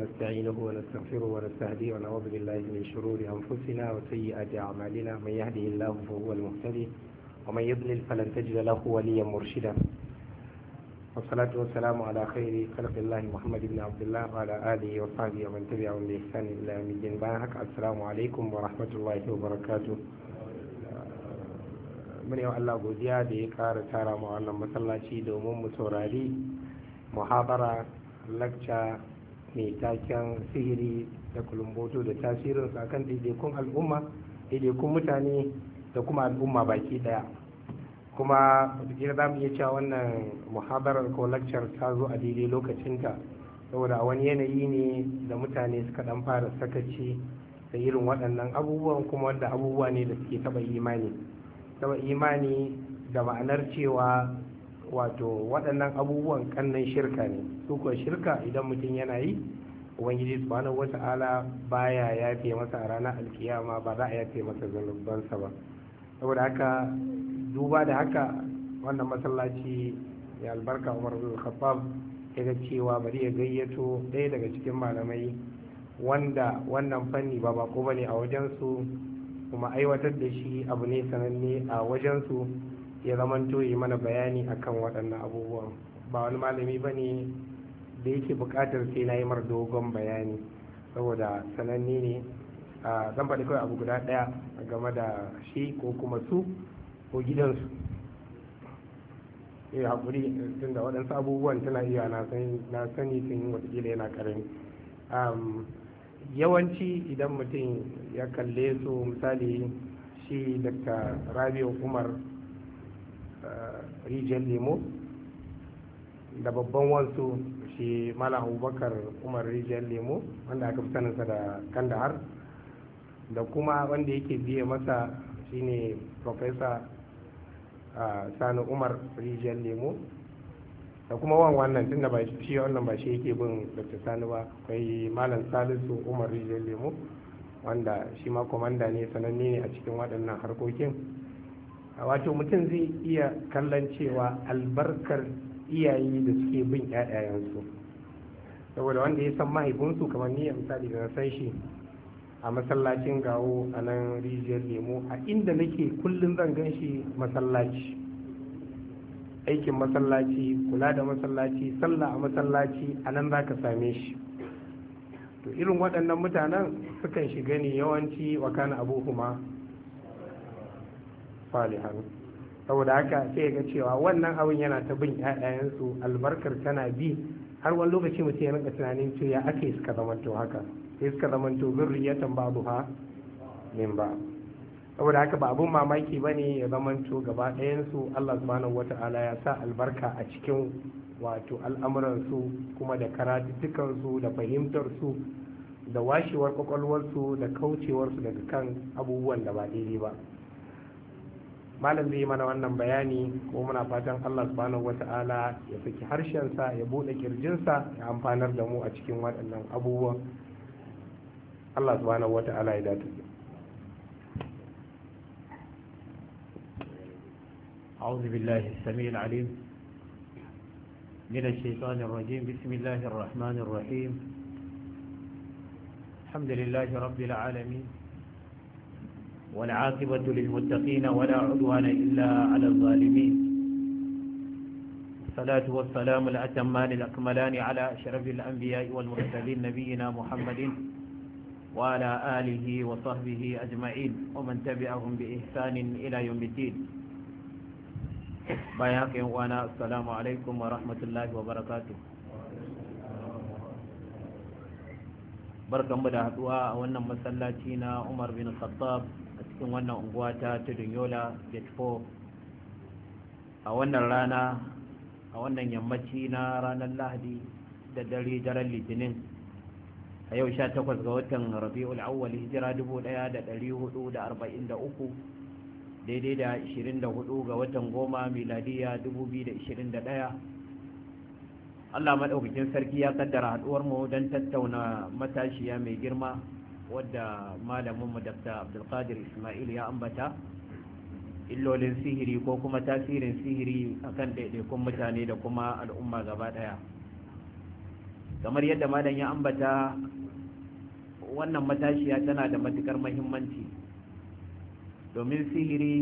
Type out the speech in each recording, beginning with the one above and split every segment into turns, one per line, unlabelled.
ونستعينه ونستغفره ونستهديه ونعوذ بالله من شرور أنفسنا وسيئات أعمالنا من يهده الله فهو المهتدي ومن يضلل فلن تجد له وليا مرشدا والصلاة والسلام على خير خلق الله محمد بن عبد الله وعلى آله وصحبه ومن تبعهم بإحسان إلى يوم الدين بارك السلام عليكم ورحمة الله وبركاته من يوم الله godiya قال ya kara tara mu wannan masallaci domin محاضرة saurari lecture mai taken sihiri da kulumboto da tasirin kan daidaikun al'umma daidaikun mutane da kuma al'umma baki daya kuma wataƙila za mu iya cewa wannan muhabarar ko lakcar ta zo a daidai lokacinta saboda a wani yanayi ne da mutane suka dan fara sakaci da irin waɗannan abubuwan kuma wanda abubuwa ne da suke taɓa imani taɓa imani da ma'anar cewa wato waɗannan abubuwan kannan shirka ne dukkan shirka idan mutum yana yi ubangiji subhanahu wata'ala baya yafe masa a ranar alkiyama ba za a yafe masa zanubansa ba saboda haka duba da haka wannan masallaci ya albarka umar bin khattab ya cewa bari ya gayyato ɗaya daga cikin malamai wanda wannan fanni ba bako bane a wajensu kuma aiwatar da shi abu ne sananne a wajensu ya zamanto yi mana bayani akan waɗannan abubuwan ba wani malami ba ne da yake buƙatar sai na yi mar dogon bayani saboda sananne ne zan faɗi kawai abu guda ɗaya game da shi ko kuma su ko gidansu ya eh, haƙuri tun da waɗansu abubuwan tana iya na sani sun yi watakila yana ƙarami yawanci idan mutum ya kalle su misali shi dr rabiu umar rijiyar lemo da babban wansu shi mala abubakar umar rijiyar lemo wanda aka fi saninsa da kandahar da kuma wanda yake biye masa shine profesa sani umar rijiyar lemo da kuma wan wannan tun ba shi wannan ba shi yake bin dr sani ba kai malam salisu umar rijiyar lemo wanda shi ma kwamanda ne sananne ne a cikin waɗannan harkokin wato mutum zai iya kallon cewa albarkar iyaye da suke bin ƴaƴayensu saboda wanda ya san mahaifinsu kamar ni a misali da san shi a masallacin gawo a nan rijiyar lemo a inda nake kullum zan gan shi masallaci aikin masallaci kula da masallaci sallah a masallaci a nan za ka same shi to irin waɗannan mutanen sukan shiga ne yawanci wakana abu kuma salihan saboda haka sai ga cewa wannan abin yana ta bin ƴaƴayensu albarkar tana bi har wani lokaci mutum ya rinka tunanin ya ake suka zamanto haka sai suka zamanto zurriyatan babu ha min ba saboda haka ba abun mamaki ba ne ya zamanto gaba ɗayansu allah subhanahu wata'ala ya sa albarka a cikin wato al'amuransu kuma da karatuttukansu da fahimtarsu da washewar kwakwalwarsu da kaucewarsu daga kan abubuwan da ba daidai ba malam zai mana wannan bayani ko muna fatan allah subhanahu wata'ala ya saki harshensa ya buɗe kirjinsa ya amfanar da mu a cikin waɗannan abubuwan allah subhanahu wata'ala ya dace أعوذ بالله السميع العليم من الشيطان الرجيم بسم الله الرحمن الرحيم الحمد لله رب العالمين
والعاقبة للمتقين ولا عدوان إلا على الظالمين الصلاة والسلام الأتمان الأكملان على أشرف الأنبياء والمرسلين نبينا محمد وعلى آله وصحبه أجمعين ومن تبعهم بإحسان إلى يوم الدين بياك وانا السلام عليكم ورحمة الله وبركاته بركة مدعوة وانا مسلاتينا عمر بن الخطاب cikin wannan unguwa ta tudun yola gate 4 a wannan rana a wannan yammaci na ranar lahadi da dare daren litinin a yau 18 ga watan rabi'ul awwal hijira 1443 daidai da 24 ga watan goma miladiya 2021 Allah maɗaukakin sarki ya kaddara haɗuwar mu don tattauna matashiya mai girma wadda malaminmu dr abdulkadir ismail ya ambata illolin sihiri ko kuma tasirin sihiri akan ɗaiɗaikun mutane da kuma al'umma gaba ɗaya kamar yadda malam ya ambata wannan matashiya tana da matukar mahimmanci domin sihiri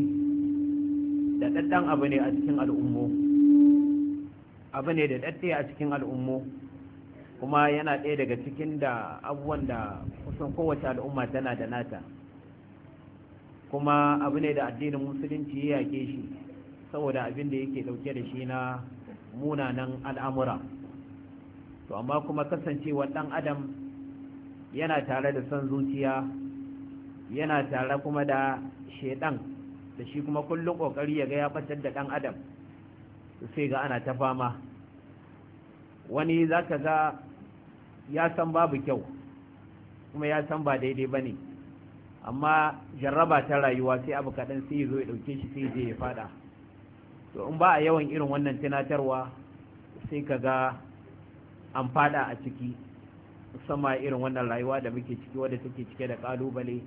da ɗaɗɗan abu ne a cikin al'ummo abu ne da ɗaɗɗe a cikin al'ummu. kuma yana ɗaya daga cikin da abubuwan da kusan kowace al'umma tana da nata kuma abu ne da addinin musulunci ya yake shi saboda abin da yake ɗauke da shi na munanan al'amura to amma kuma kasancewa ɗan adam yana tare da son zuciya yana tare kuma da shaidan da shi kuma kullum ƙoƙari ya ga ya ɓatar da ɗan adam sai ga ana ta fama wani za ka ga ya san babu kyau kuma ya san ba daidai ba ne amma jarraba ta rayuwa sai abu kaɗan sai zo ya ɗauke shi sai je ya faɗa to in ba a yawan irin wannan tunatarwa sai ka ga an faɗa a ciki musamman irin wannan rayuwa da muke ciki wadda take cike da ƙalubale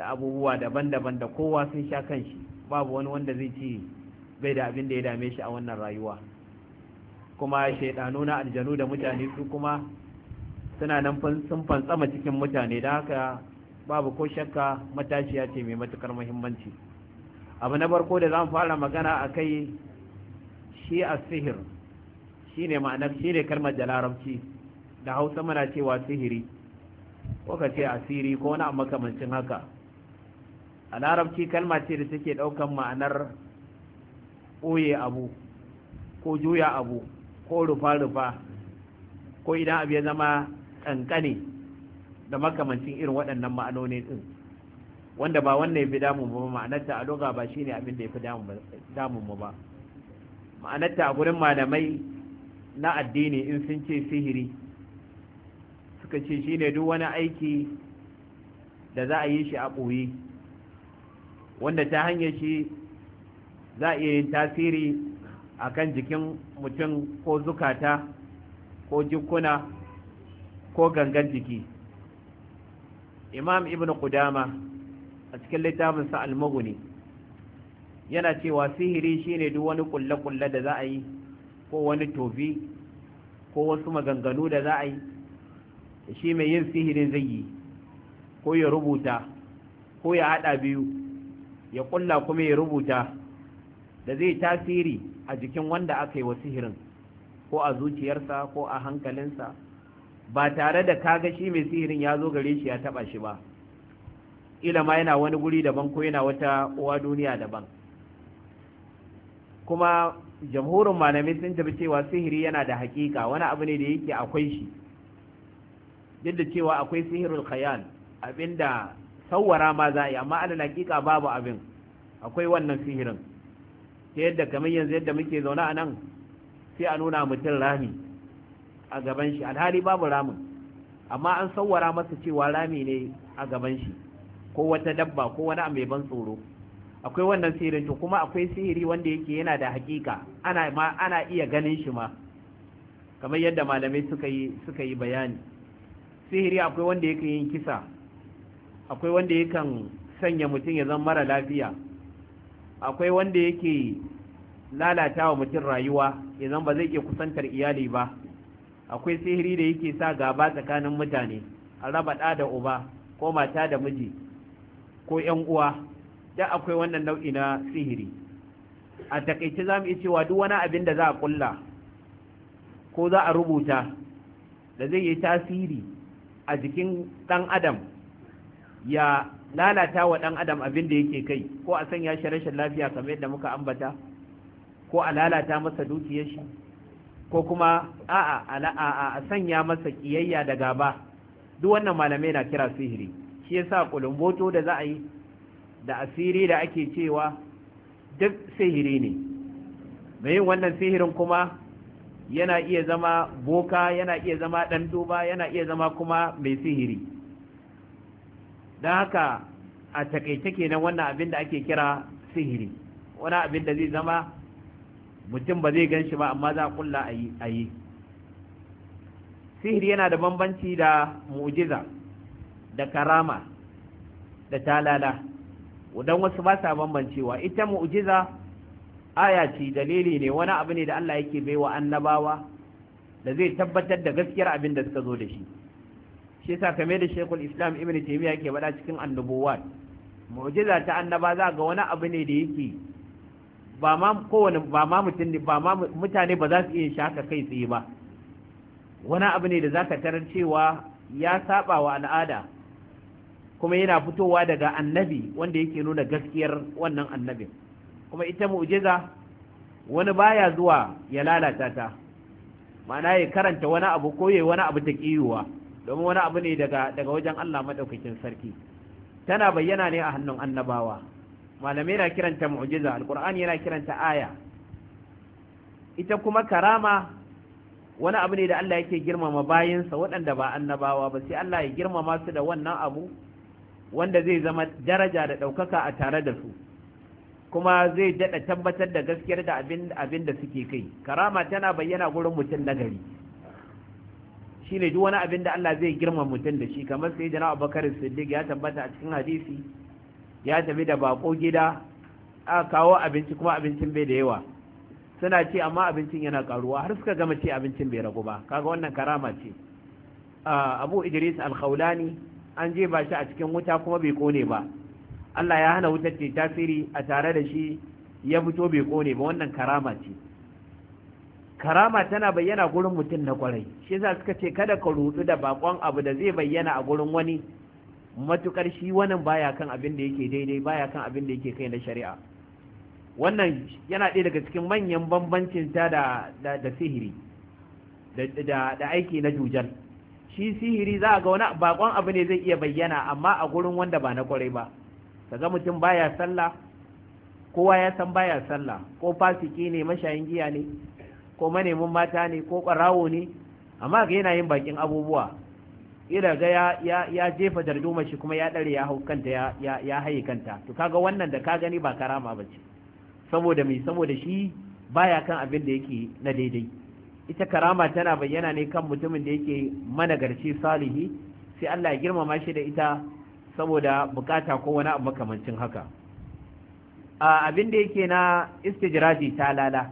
da abubuwa daban-daban da kowa sun sha kan shi babu wani wanda zai ce bai da abin da ya dame shi a wannan rayuwa kuma shaidanu na aljanu da mutane su kuma suna nan sun fantsama cikin mutane da haka babu ko shakka matashiya ce mai matukar muhimmanci abu na barko da zan fara magana a kai shi a sihir shi ne shi ne kalmar da larabci da hausa muna cewa sihiri ko ka ce asiri ko wani makamancin haka a larabci kalma ce da take ɗaukan ma'anar ɓoye abu ko juya abu ko rufa-rufa ko idan abu ya zama kankane da makamancin irin waɗannan ma'anoni ɗin wanda ba wannan ya fi damun ba ma'anarta a doga ba shine abin da ya fi damun mu ba ma'anarta a gurin malamai na addini in sun ce sihiri suka ce shine duk wani aiki da za a yi shi a ɓoye wanda ta hanyar shi za a iya yin tasiri a kan jikin mutum ko zukata ko jikuna ko gangan jiki imam ibn qudama a cikin littafinsa al-mughni yana cewa sihiri shine duk wani kulle-kulle da za a yi ko wani tofi ko wasu maganganu da za a yi shi mai yin sihiri zai yi ko ya rubuta ko ya haɗa biyu ya kulla kuma ya rubuta da zai tasiri a jikin wanda aka yi wa sihirin ko a zuciyarsa ko a hankalinsa ba tare da kaga shi mai sihirin ya zo gare shi ya taba shi ba ila yana wani guri daban ko yana wata uwa duniya daban kuma jamhurin malamai sun tafi cewa sihiri yana da hakika wani abu ne da yake akwai shi duk da cewa akwai sihirul khayal abinda sauwara ma za a yi amma ala hakika babu abin akwai wannan sihirin ta yadda kamar yanzu yadda muke zaune a nan sai a nuna mutum rami a gaban shi alhali babu ramin amma an sauwara masa cewa rami ne a gaban shi ko wata dabba ko wani mai ban tsoro akwai wannan sihirin to kuma akwai sihiri wanda yake yana da hakika ana ma ana iya ganin shi ma kamar yadda malamai suka yi suka yi bayani sihiri akwai wanda yake yin kisa akwai wanda yake sanya mutum ya zama mara lafiya akwai wanda yake lalata wa mutum rayuwa ya ba zai iya kusantar iyali ba akwai sihiri da yake sa gaba tsakanin mutane a raba ɗa da uba ko mata da miji ko ƴan uwa da akwai wannan nau'i na sihiri a takaice za mu iya cewa duk wani abin da za a kulla ko za a rubuta da zai yi tasiri a jikin ɗan adam ya lalata wa ɗan adam abin da yake kai ko a sanya shi rashin lafiya kamar yadda muka ambata ko a lalata masa dukiyar shi ko kuma a'a a sanya masa kiyayya da gaba duk wannan malamai na kira sihiri shi yasa kulumboto da za a yi da asiri da ake cewa duk sihiri ne mai yin wannan sihirin kuma yana iya zama boka yana iya zama ɗan duba yana iya zama kuma mai sihiri don haka a takaice kenan wannan abin da ake kira sihiri wani abin da zai zama mutum ba zai gan shi ba amma za a kulla a yi sihiri yana da bambanci da mu'jiza da karama da talala wadan wasu ba sa bambancewa ita mu'jiza aya ce dalili ne wani abu ne da Allah yake wa annabawa da zai tabbatar da gaskiyar abin da suka zo da shi shi yasa kame da Sheikhul Islam Ibn Taymiyyah yake bada cikin annabuwa mu'jiza ta annaba za ga wani abu ne da yake ba ma kowane ba ma mutum ba ma mutane ba za su iya shaka kai tsaye ba wani abu ne da za ka tarar cewa ya saba wa al'ada kuma yana fitowa daga annabi wanda yake nuna gaskiyar wannan annabin kuma ita mu'jiza wani baya zuwa ya lalata ta ma'ana ya karanta wani abu ko ya wani abu ta kiyuwa domin wani abu ne daga wajen Allah madaukakin sarki tana bayyana ne a hannun annabawa malamai na kiranta mu'jiza alqur'ani yana kiranta aya ita kuma karama wani abu ne da Allah yake girmama bayinsa waɗanda ba annabawa ba sai Allah ya girmama su da wannan abu wanda zai zama daraja da ɗaukaka a tare da su kuma zai daɗa tabbatar da gaskiyar da abin da suke kai karama tana bayyana gurin mutum nagari shi ne duk wani abin da Allah zai girmama mutum da shi kamar sai jana abubakar siddiq ya tabbata a cikin hadisi ya tafi da bako gida a kawo abinci kuma abincin bai da yawa suna ce amma abincin yana karuwa har suka gama ce abincin bai ragu ba kaga wannan karama ce abu idris alkhaulani an je ba shi a cikin wuta kuma bai kone ba allah ya hana wutar ce tasiri a tare da shi ya fito bai kone ba wannan karama ce karama tana bayyana gurin mutum na kwarai shi yasa suka ce kada ka rutu da bakon abu da zai bayyana a gurin wani matukar shi wannan baya kan abin da yake daidai baya kan abin da yake kai na shari'a wannan yana ɗaya daga cikin manyan bambancin ta da da sihiri da da aiki na jujal shi sihiri za ga wani bakon abu ne zai iya bayyana amma a gurin wanda ba na kwarai ba kaga mutum baya sallah kowa ya san baya sallah ko fasiki ne mashayin giya ne ko manemin mata ne ko ƙwarawo ne amma ga yana yin bakin abubuwa ila ga ya ya jefa darduma shi kuma ya dare ya hau kanta ya ya haye kanta to kaga wannan da ka gani ba karama bace saboda me saboda shi baya kan abin da yake na daidai ita karama tana bayyana ne kan mutumin da yake managarci salihi sai Allah ya girmama shi da ita saboda bukata ko wani abu makamancin haka a abin da yake na istijraji ta lala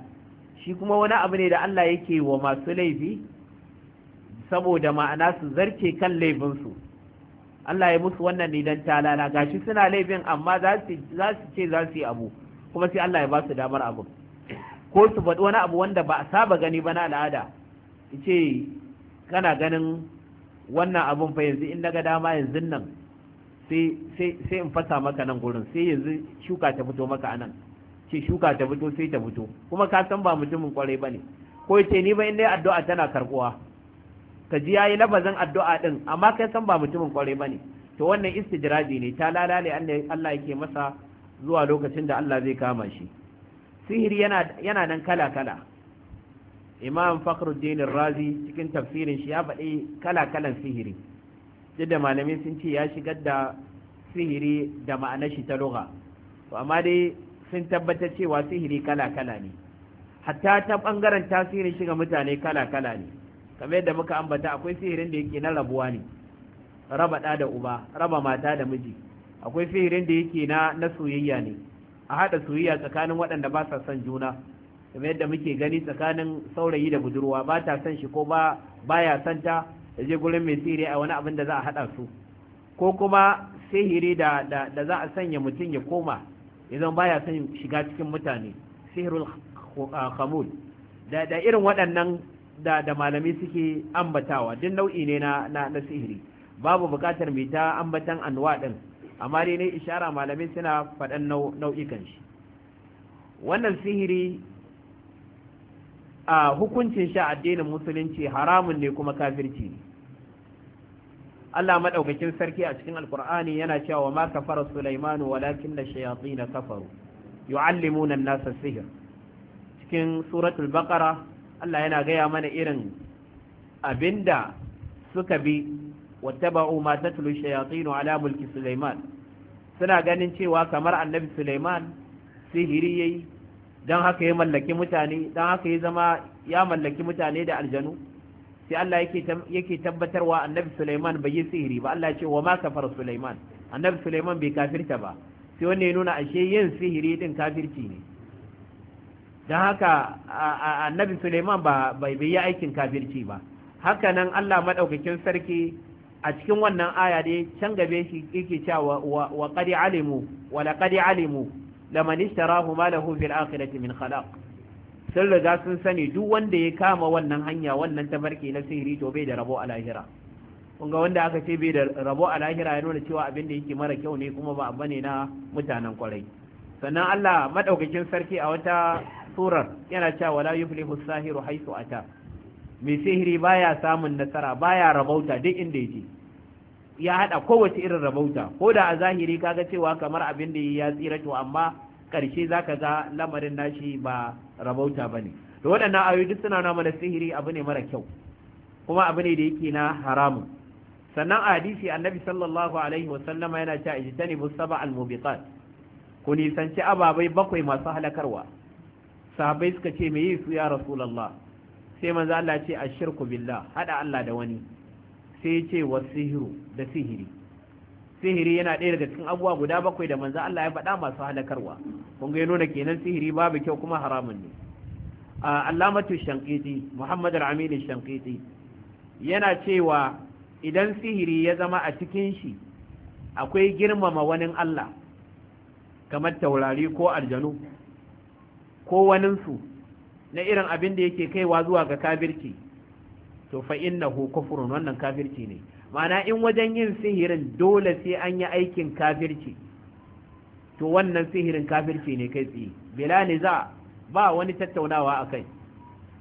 shi kuma wani abu ne da Allah yake wa masu laifi saboda ma'ana su zarce kan laifinsu Allah ya musu wannan ne don talala gashi suna laifin amma za su ce za su yi abu kuma sai Allah ya ba su damar abu ko su faɗi wani abu wanda ba a saba gani ba na al'ada ce kana ganin wannan abun fa yanzu in naga dama yanzu nan sai in fasa maka nan gurin sai yanzu shuka ta fito maka anan ce shuka ta fito sai ta fito kuma ka san ba mutumin kwarai ba ne ko ce ni ba in dai addu'a tana karbuwa ka ji yayi lafazin addu'a din amma kai san ba mutumin kware ne to wannan istijraji ne ta lalale Allah yake masa zuwa lokacin da Allah zai kama shi sihiri yana yana nan kala kala Imam Fakhruddin Razi cikin tafsirin shi ya faɗi kala kalan sihiri duk da malamai sun ce ya shigar da sihiri da ma'anar shi ta lugha to amma dai sun tabbatar cewa sihiri kala kala ne hatta ta bangaren tasirin shiga mutane kala kala ne kamar yadda muka ambata akwai sihirin da yake na rabuwa ne raba ɗa da uba raba mata da miji akwai sihirin da yake na na soyayya ne a haɗa soyayya tsakanin waɗanda ba sa son juna kamar yadda muke gani tsakanin saurayi da budurwa ba ta son shi ko ba baya son ta da je gurin mai sihiri a wani abin da za a haɗa su ko kuma sihiri da da za a sanya mutum ya koma idan baya son shiga cikin mutane sihirul khamul da da irin waɗannan da da malami suke ambatawa duk nau'i ne na na, na sihiri babu bukatar mai ta ambatan anwa din amma dai ne ishara malami suna faɗan nau'ikan shi wannan sihiri a hukuncin sha addinin musulunci haramun ne kuma kafirci Allah madaukakin sarki a cikin alkur'ani yana cewa wa ma kafara Sulaiman walakin na shayatin kafaru yu'allimuna an-nasa sihir cikin suratul baqara Allah yana gaya mana irin abinda suka bi wattaba'u ma tatlu shayatin ala mulki Sulaiman suna ganin cewa kamar annabi Sulaiman sihiri yayi dan haka ya mallaki mutane dan haka ya zama ya mallaki mutane da aljanu sai Allah yake yake tabbatarwa annabi Sulaiman bai yi sihiri ba Allah ce wa ma kafar Sulaiman annabi Sulaiman bai kafirta ba sai wanne ya nuna ashe yin sihiri din kafirci ne don haka annabi suleiman ba bai yi aikin kafirci ba haka nan allah maɗaukakin sarki a cikin wannan aya dai can gabe shi yake cewa wa qad alimu wa laqad alimu laman ishtarahu ma lahu fil akhirati min khalaq sun riga sun sani duk wanda ya kama wannan hanya wannan tabarki na sihiri to bai da rabo a lahira kun ga wanda aka ce bai da rabo a lahira ya nuna cewa abin da yake mara kyau ne kuma ba bane na mutanen kwarai sannan Allah madaukakin sarki a wata surar yana cewa wala yuflihu sahiru haisu ata mai sihiri baya samun nasara baya rabauta duk inda yake ya hada kowace irin rabauta ko da a zahiri kaga cewa kamar abin da ya tsira to amma karshe zaka ga lamarin nashi ba rabauta bane to waɗannan ayoyi duk suna nuna mana sihiri abu ne mara kyau kuma abu ne da yake na haramun sannan a hadisi annabi sallallahu alaihi wasallama yana cewa ijtanibu sab'al mubiqat ku nisanci ababai bakwai masu halakarwa sahabai suka ce me yi su ya rasu allah sai manzo Allah ce ashirku billah hada Allah da wani sai ya ce wasihiru da sihiri sihiri yana ɗaya daga cikin abubuwa guda bakwai da manzo Allah ya faɗa masu halakarwa kun ga nuna kenan sihiri babu kyau kuma haramun ne allamatu shankiti Muhammad al-Amin shankiti yana cewa idan sihiri ya zama a cikin shi akwai girmama wani Allah kamar taurari ko aljanu ko waninsu na irin abin da yake kaiwa zuwa ga kafirci to fa innahu kufrun wannan kafirci ne ma'ana in wajen yin sihirin dole sai an yi aikin kafirci to wannan sihirin kafirci ne kai tsaye bila za ba wani tattaunawa a kai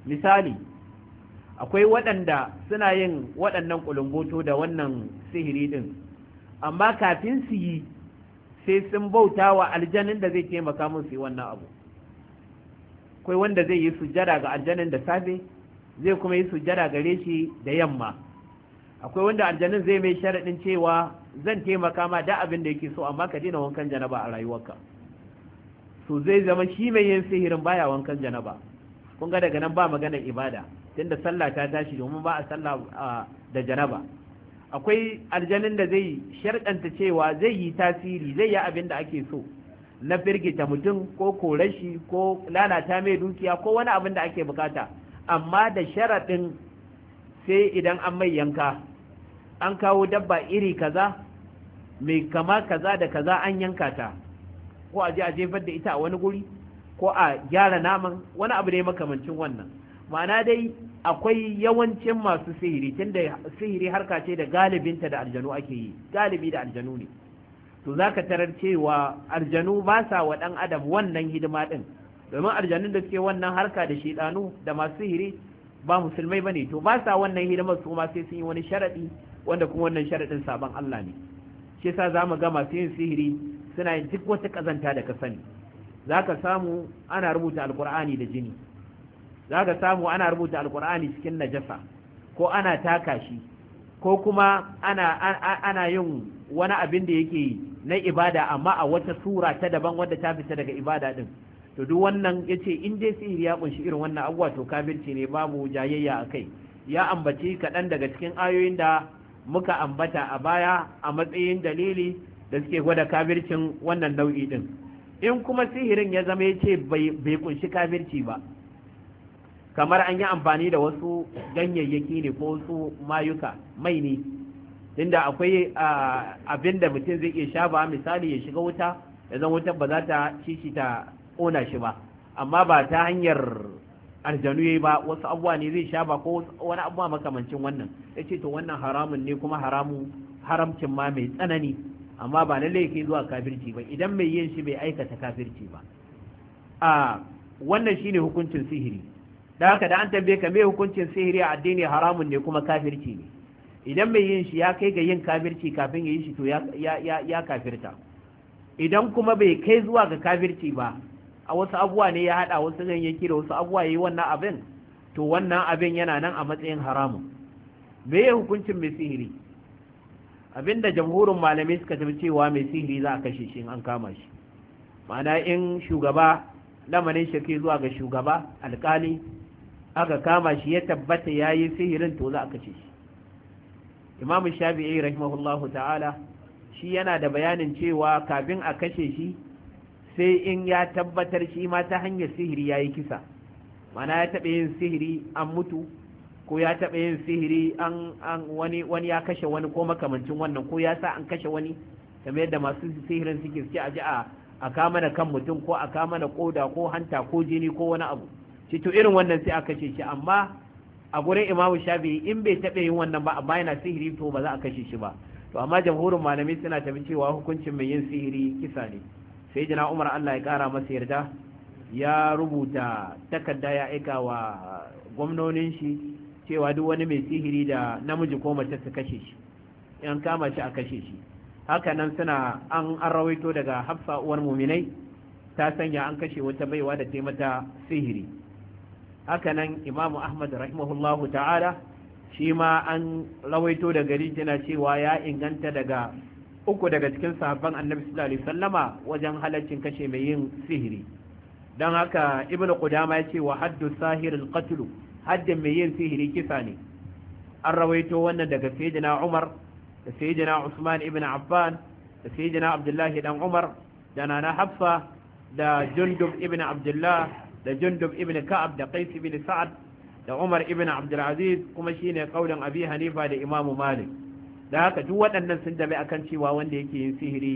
misali akwai waɗanda suna yin waɗannan ƙulumboto da wannan sihiri ɗin amma kafin su yi sai sun bauta wa aljanin da zai taimaka musu yi wannan abu akwai wanda zai yi sujjada ga aljanin da safe zai kuma yi sujjada gare shi da yamma akwai wanda aljanin zai mai sharaɗin cewa zan taimaka ma da abin da yake so amma ka daina wankan janaba a rayuwarka so zai zama shi mai yin sihirin baya wankan janaba kun ga daga nan ba maganar ibada tunda sallah ta tashi domin ba a sallah da janaba akwai aljanin da zai sharɗanta cewa zai yi tasiri zai yi abin da ake so na firgita mutum ko korashi ko lalata mai dukiya ko wani abin da ake bukata amma da sharaɗin sai idan an mai yanka an kawo dabba iri kaza mai kama kaza da kaza an yanka ta ko a je a jefar da ita a wani guri ko a gyara naman wani abu ne makamancin wannan ma'ana dai akwai yawancin masu sihiri tunda sihiri harka ce da galibinta da aljanu ake yi galibi da aljanu ne to za ka tarar cewa aljanu ba sa wa ɗan adam wannan hidima ɗin domin arjanun da suke wannan harka da shiɗanu da masu sihiri ba musulmai ba ne to ba sa wannan hidimar su ma sai sun yi wani sharaɗi wanda kuma wannan sharaɗin sabon Allah ne shi yasa za mu ga masu yin sihiri suna yin duk wata ƙazanta da ka sani za ka samu ana rubuta alkur'ani da jini za ka samu ana rubuta alkur'ani cikin najasa ko ana taka shi ko kuma ana, ana yin wani abin da yake na ibada amma a wata sura ta daban wadda ta fita daga ibada din to duk wannan yace in dai sihiri ya kunshi irin wannan abuwa to kafirci ne babu jayayya a kai ya ambaci kaɗan daga cikin ayoyin da muka ambata a baya a matsayin dalili da suke gwada kafircin wannan nau'i din in kuma sihirin ya zama yace bai kunshi kafirci ba kamar an yi amfani da wasu ganyayyaki ne ko wasu mayuka mai ne tunda akwai abin da mutum zai iya sha ba misali ya shiga wuta ya zan wutar ba za ta shishi ta ƙona shi ba amma ba ta hanyar aljanu yi ba wasu abuwa ne zai sha ba ko wani abuwa makamancin wannan ya ce to wannan haramun ne kuma haramu haramcin ma mai tsanani amma ba na laifin zuwa kafirci ba idan mai yin shi bai aikata kafirci ba a wannan shine hukuncin sihiri da haka da an tambaye ka me hukuncin sihiri a addini haramun ne kuma kafirci ne idan mai yin shi ya kai ga yin kafirci kafin ya yi shi to ya kafirta idan kuma bai kai zuwa ga kafirci ba a wasu abuwa ne ya haɗa wasu ya da wasu abuwa ya yi wannan abin to wannan abin yana nan a matsayin haramun me ya hukuncin mai sihiri abinda jamhurin malamai suka tafi cewa mai sihiri za a kashe shi an kama shi ma'ana in shugaba lamarin shi zuwa ga shugaba alkali aka kama shi ya tabbata ya yi sihirin to za a kashe shi imam shafi'i rahimahullahu ta'ala shi yana da bayanin cewa kafin a kashe shi sai in ya tabbatar shi ma ta hanyar sihiri ya yi kisa mana ya taɓa yin sihiri an mutu ko ya taɓa yin sihiri an, an wani, ya kashe wani ko makamancin wannan ko ya sa an kashe wani kamar yadda masu sihirin suke suke a ji a a kama kan mutum ko a kama koda ko hanta ko jini ko wani abu shi to irin wannan sai a kashe shi amma a gurin imamu shafi'i in bai taɓa yin wannan ba amma yana sihiri to ba za a kashe shi ba to amma jamhurin malami suna tafi cewa hukuncin mai yin sihiri kisa ne sai jina umar allah ya kara masa yarda ya rubuta takarda ya aika wa gwamnonin shi cewa duk wani mai sihiri da namiji ko mace su kashe shi in kama shi a kashe shi haka nan suna an rawaito daga hafsa uwar muminai ta sanya an kashe wata baiwa da taimata sihiri hakanan imamu ahmad rahimahullahu ta'ala shi ma an rawaito da gari cewa ya inganta daga uku daga cikin sahabban annabi sallallahu alaihi sallama wajen halaccin kashe mai yin sihiri don haka ibnu qudama ya ce wa haddu sahir al haddin mai yin sihiri kisa ne an rawaito wannan daga sayyidina umar da sayyidina usman ibn affan da sayyidina abdullahi dan umar da nana hafsa da jundub ibn abdullah da jundub ibn ka'ab da qais ibn sa'ad da umar ibn abdul aziz kuma shine kaulin abi hanifa da imamu malik da haka duk waɗannan sun dabe akan cewa wanda yake yin sihiri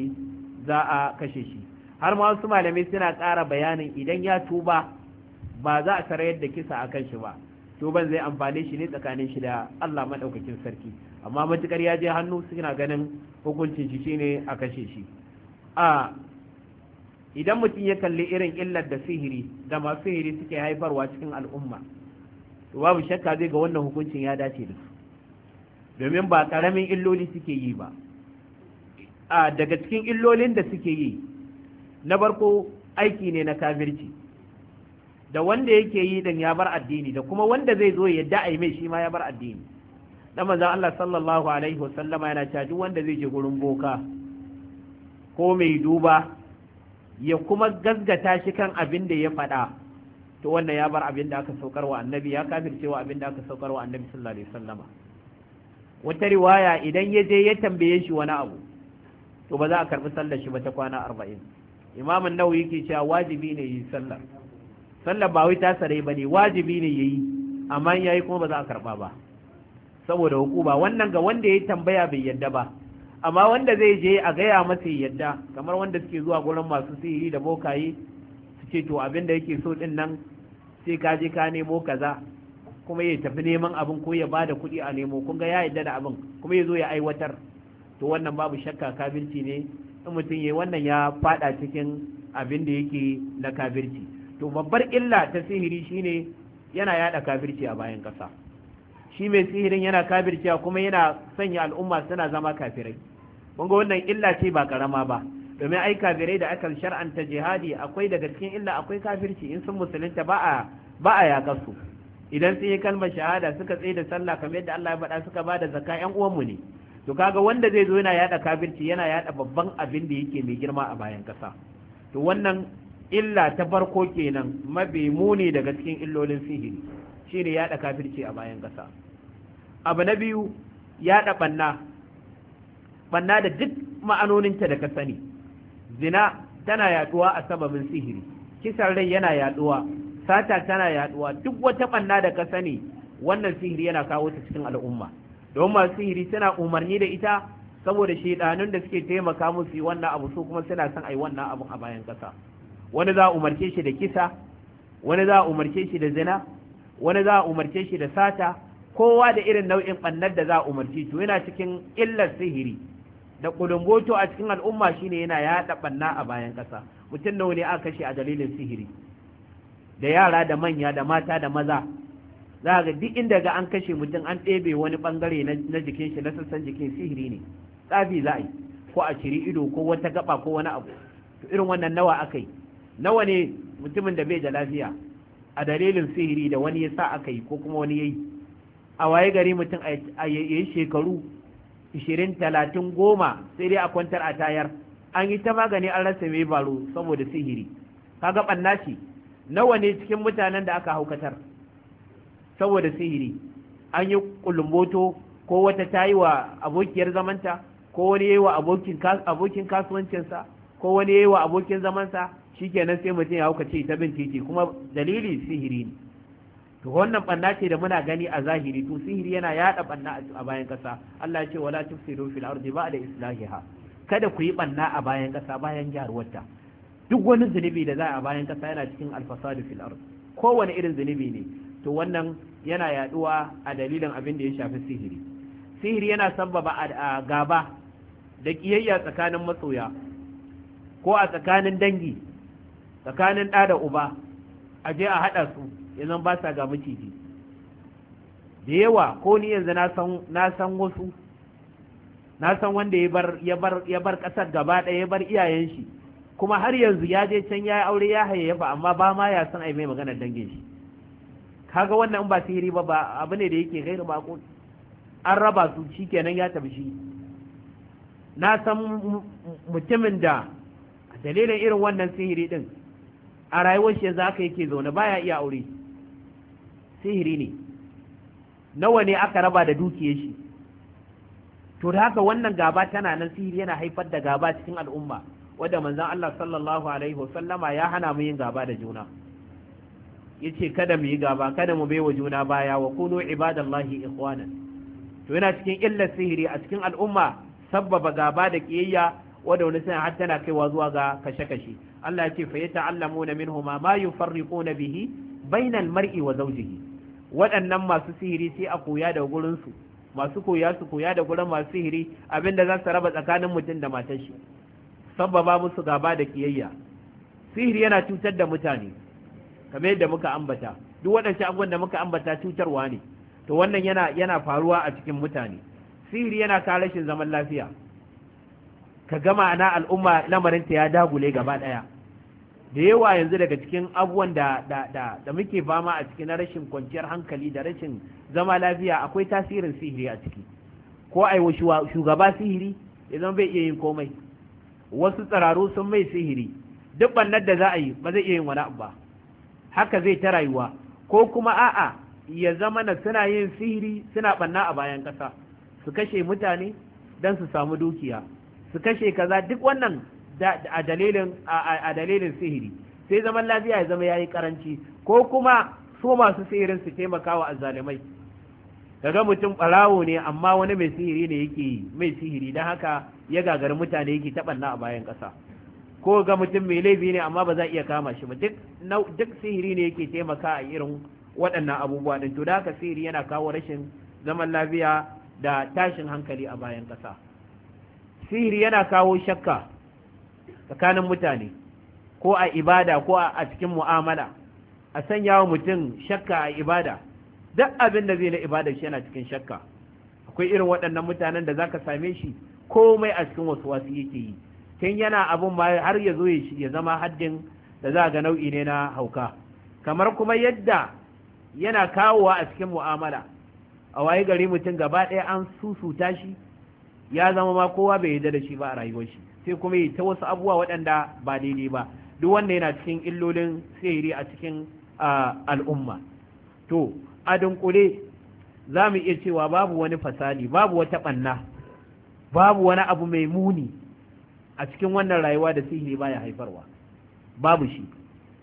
za a kashe shi har ma wasu malamai suna ƙara bayanin idan ya tuba ba za a sarayar da kisa akan shi ba tuban zai amfane shi ne tsakanin shi da Allah madaukakin sarki amma matukar ya je hannu suna ganin hukuncin shi shine a kashe shi a idan mutum ya kalli irin illar da sihiri da masu sihiri suke haifarwa cikin al'umma to babu shakka zai ga wannan hukuncin ya dace da su domin ba karamin illoli suke yi ba a daga cikin illolin da suke yi na barko aiki ne na kafirci da wanda yake yi dan ya bar addini da kuma wanda zai zo ya yi mai shi ma ya bar addini dan manzon Allah sallallahu alaihi wasallama yana cewa duk wanda zai je gurin boka ko mai duba ya kuma gasgata shi kan abin da ya faɗa to wannan ya bar abin da aka saukar wa annabi ya kafir cewa abin da aka saukar wa annabi sallallahu alaihi wasallama wata riwaya idan ya je ya tambaye shi wani abu to ba za a karbi sallar shi ba ta kwana arba'in imam an-nawawi yake cewa wajibi ne yi sallar sallar ba wai ta sare ba ne wajibi ne yayi amma yayi kuma ba za a karba ba saboda hukuma, wannan ga wanda ya tambaya bai yadda ba amma wanda zai je a gaya masa yadda kamar wanda suke zuwa gurin masu sihiri da bokaye su ce to abin da yake so din nan sai ka je ka nemo kaza kuma ya tafi neman abin ko ya bada kuɗi a nemo kun ga ya yadda da abin kuma ya zo ya aiwatar to wannan babu shakka kabirci ne in mutum ya wannan ya fada cikin abin da yake na kabirci to babbar illa ta sihiri shine yana yada kafirci a bayan kasa shi mai sihirin yana kafirciya kuma yana sanya al'umma suna zama kafirai kunga wannan illa ce ba karama ba domin ai kafirai da aka shar'anta jihadi akwai daga cikin illa akwai kafirci in sun musulunta ba a ba a su idan sun yi kalmar shahada suka tsaye da sallah kamar yadda Allah ya faɗa suka ba da zakka ƴan uwanmu ne to kaga wanda zai zo yana yada kafirci yana yada babban abin da yake mai girma a bayan ƙasa to wannan illa ta farko kenan mabe muni daga cikin illolin sihiri shine yada kafirci a bayan ƙasa abu na biyu yaɗa ɓanna ɓanna da duk ma'anoninta da ka sani zina tana yaɗuwa a sababin sihiri kisan rai yana yaduwa sata tana yaduwa duk wata banna da ka sani wannan sihiri yana kawo ta cikin al'umma don masu sihiri suna umarni da ita saboda shaidanun da suke taimaka musu yi wannan abu su kuma suna son a yi wannan abu a bayan ƙasa wani za a umarce shi da kisa wani za a umarce shi da zina wani za a umarce shi da sata kowa da irin nau'in bannar da za a umarci to yana cikin illar sihiri da kulumboto a cikin al'umma shine yana yaɗa banna a bayan ƙasa mutum nawa ne aka kashe a dalilin sihiri da yara da manya da mata da maza za ga duk inda ga an kashe mutum an ɗebe wani ɓangare na jikin shi na sassan jikin sihiri ne tsafi za a yi ko a ciri ido ko wata gaba ko wani abu to irin wannan nawa aka yi nawa ne mutumin da bai da lafiya a dalilin sihiri da wani ya sa aka yi ko kuma wani ya yi a waye gari mutum a yi shekaru 20 30 goma sai dai a kwantar a tayar an yi ta magani an rasa mai baro saboda sihiri kaga banna ce nawa ne cikin mutanen da aka haukatar saboda sihiri an yi kulumboto ko wata ta yi wa abokiyar zamanta ko wani ya yi wa abokin kasuwancinsa ko wani ya yi wa abokin zamansa shikenan sai mutum ya haukace ta bin titi kuma dalili sihiri ne to wannan banna ce da muna gani a zahiri to sihiri yana yada banna a bayan kasa Allah ya ce wala tufsidu fil ardi ba'da islahiha kada ku yi banna a bayan kasa bayan gyaruwarta duk wani zunubi da za a bayan kasa yana cikin alfasadu fil ardi kowane irin zunubi ne to wannan yana yaduwa a dalilin abin da ya shafi sihiri sihiri yana sabbaba a gaba da kiyayya tsakanin matsoya ko a tsakanin dangi tsakanin ɗa da uba a je a haɗa su yanzan ba sa ga maciji da yawa ko ni yanzu na san wasu na san wanda ya bar ƙasar gaba ɗaya ya bar iyayen shi kuma har yanzu ya je can ya aure ya hayayyafa amma ba ma ya san ai mai maganar dangin shi kaga wannan ba sihiri ba ba abu ne da yake gairu ba ko an raba su kenan ya tafi shi na san mutumin da dalilin irin wannan sihiri din a rayuwar shi yanzu haka yake zaune baya iya aure sihiri ne nawa ne aka raba da dukiyar shi to da haka wannan gaba tana nan sihiri yana haifar da gaba cikin al'umma wadda manzon Allah sallallahu alaihi wasallama ya hana mu yin gaba da juna yace kada mu yi gaba kada mu baiwa juna baya wa kunu ibadallahi ikhwanan to yana cikin illar sihiri a cikin al'umma sabbaba gaba da kiyayya wadda wani sai har tana kaiwa zuwa ga kashe-kashe Allah ya ce fa yata'allamuna minhuma ma yufarriquna bihi bainal mar'i wa zawjihi waɗannan masu sihiri sai a koya da gurinsu masu koya su koya da gurin masu sihiri abinda za su raba tsakanin mutum da matar shi sabbaba musu gaba da kiyayya sihiri yana cutar da mutane kamar yadda muka ambata duk waɗansu abubuwan da muka ambata cutarwa ne to wannan yana yana faruwa a cikin mutane sihiri yana kare rashin zaman lafiya ka gama na al'umma lamarin ta ya dagule gaba ɗaya da yawa yanzu daga cikin abubuwan da da da da muke fama a cikin rashin kwanciyar hankali da rashin zama lafiya akwai tasirin sihiri a ciki ko ai shugaba sihiri idan bai iya yin komai wasu tsararu sun mai sihiri duk bannar da za a yi ba zai iya yin wani abu ba haka zai ta rayuwa ko kuma a'a ya zama na suna yin sihiri suna banna a bayan kasa su kashe mutane don su samu dukiya su kashe kaza duk wannan a dalilin a dalilin sihiri sai zaman lafiya ya zama yayi karanci ko kuma su masu sihirin su taimaka wa azzalimai kaga mutum barawo ne amma wani mai sihiri ne yake mai sihiri don haka ya gagari mutane yake taɓanna a bayan ƙasa ko ga mutum mai laifi ne amma ba za iya kama shi ba duk sihiri ne yake taimaka a irin waɗannan abubuwa ɗin to da haka sihiri yana kawo rashin zaman lafiya da tashin hankali a bayan ƙasa sihiri yana kawo shakka tsakanin mutane ko a ibada ko a cikin mu'amala a sanya wa mutum shakka a ibada duk abin da zai na ibada shi yana cikin shakka akwai irin waɗannan mutanen da zaka same shi komai a cikin wasu wasu yake yi tun yana abun ma har ya zo ya zama haddin da za ga nau'i ne na hauka kamar kuma yadda yana kawowa a cikin mu'amala a waye gari mutum gaba ɗaya an susuta shi ya zama ma kowa bai yarda da shi ba a rayuwar shi sai kuma yi ta wasu abubuwa waɗanda ba daidai ba duk wanda yana cikin illolin sihiri a cikin al'umma to a dunkule za mu iya cewa babu wani fasali babu wata ɓanna babu wani abu mai muni a cikin wannan rayuwa da sihiri baya haifarwa babu shi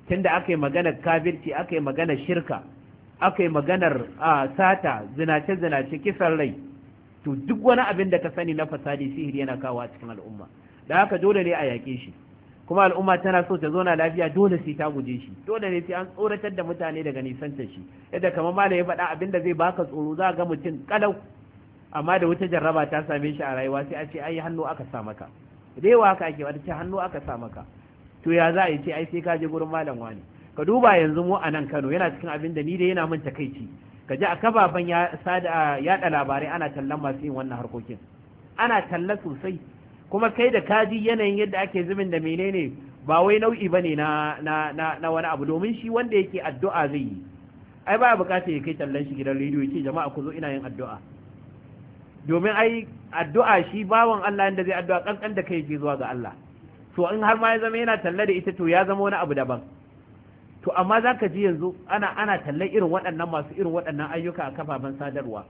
tunda aka yi maganar kafirci aka yi maganar shirka aka yi maganar sata zinace-zinace kisan rai to duk wani abin da ka sani na fasali sihiri yana kawo a cikin al'umma da haka dole ne a yaƙe shi kuma al'umma tana so ta zo na lafiya dole sai ta guje shi dole ne sai an tsoratar da mutane daga nisanta shi yadda kamar mala ya faɗa abin da zai baka tsoro za ga mutum kalau amma da wata jarraba ta same shi a rayuwa sai a ce ai hannu aka sa maka da yawa haka ake wata ce hannu aka sa maka to ya za a yi ce ai sai ka je gurin malam wani ka duba yanzu mu a nan Kano yana cikin abin da ni da yana min takaici ka ji a kababan ya sada yaɗa labarai ana tallan masu yin wannan harkokin ana talla sosai kuma kai da kaji yanayin yadda ake zubin da menene ba wai nau'i ba ne na wani abu domin shi wanda yake addu'a zai yi ai a bukatar ya kai tallan shi gidan rediyo ya ce jama'a ku zo ina yin addu'a domin ai addu'a shi bawan Allah yanda zai addu'a kankan da kai yake zuwa ga Allah to in har ma ya zama yana talla da ita to ya zama wani abu daban to amma zaka ji yanzu ana ana tallan irin waɗannan masu irin waɗannan ayyuka a kafafen sadarwa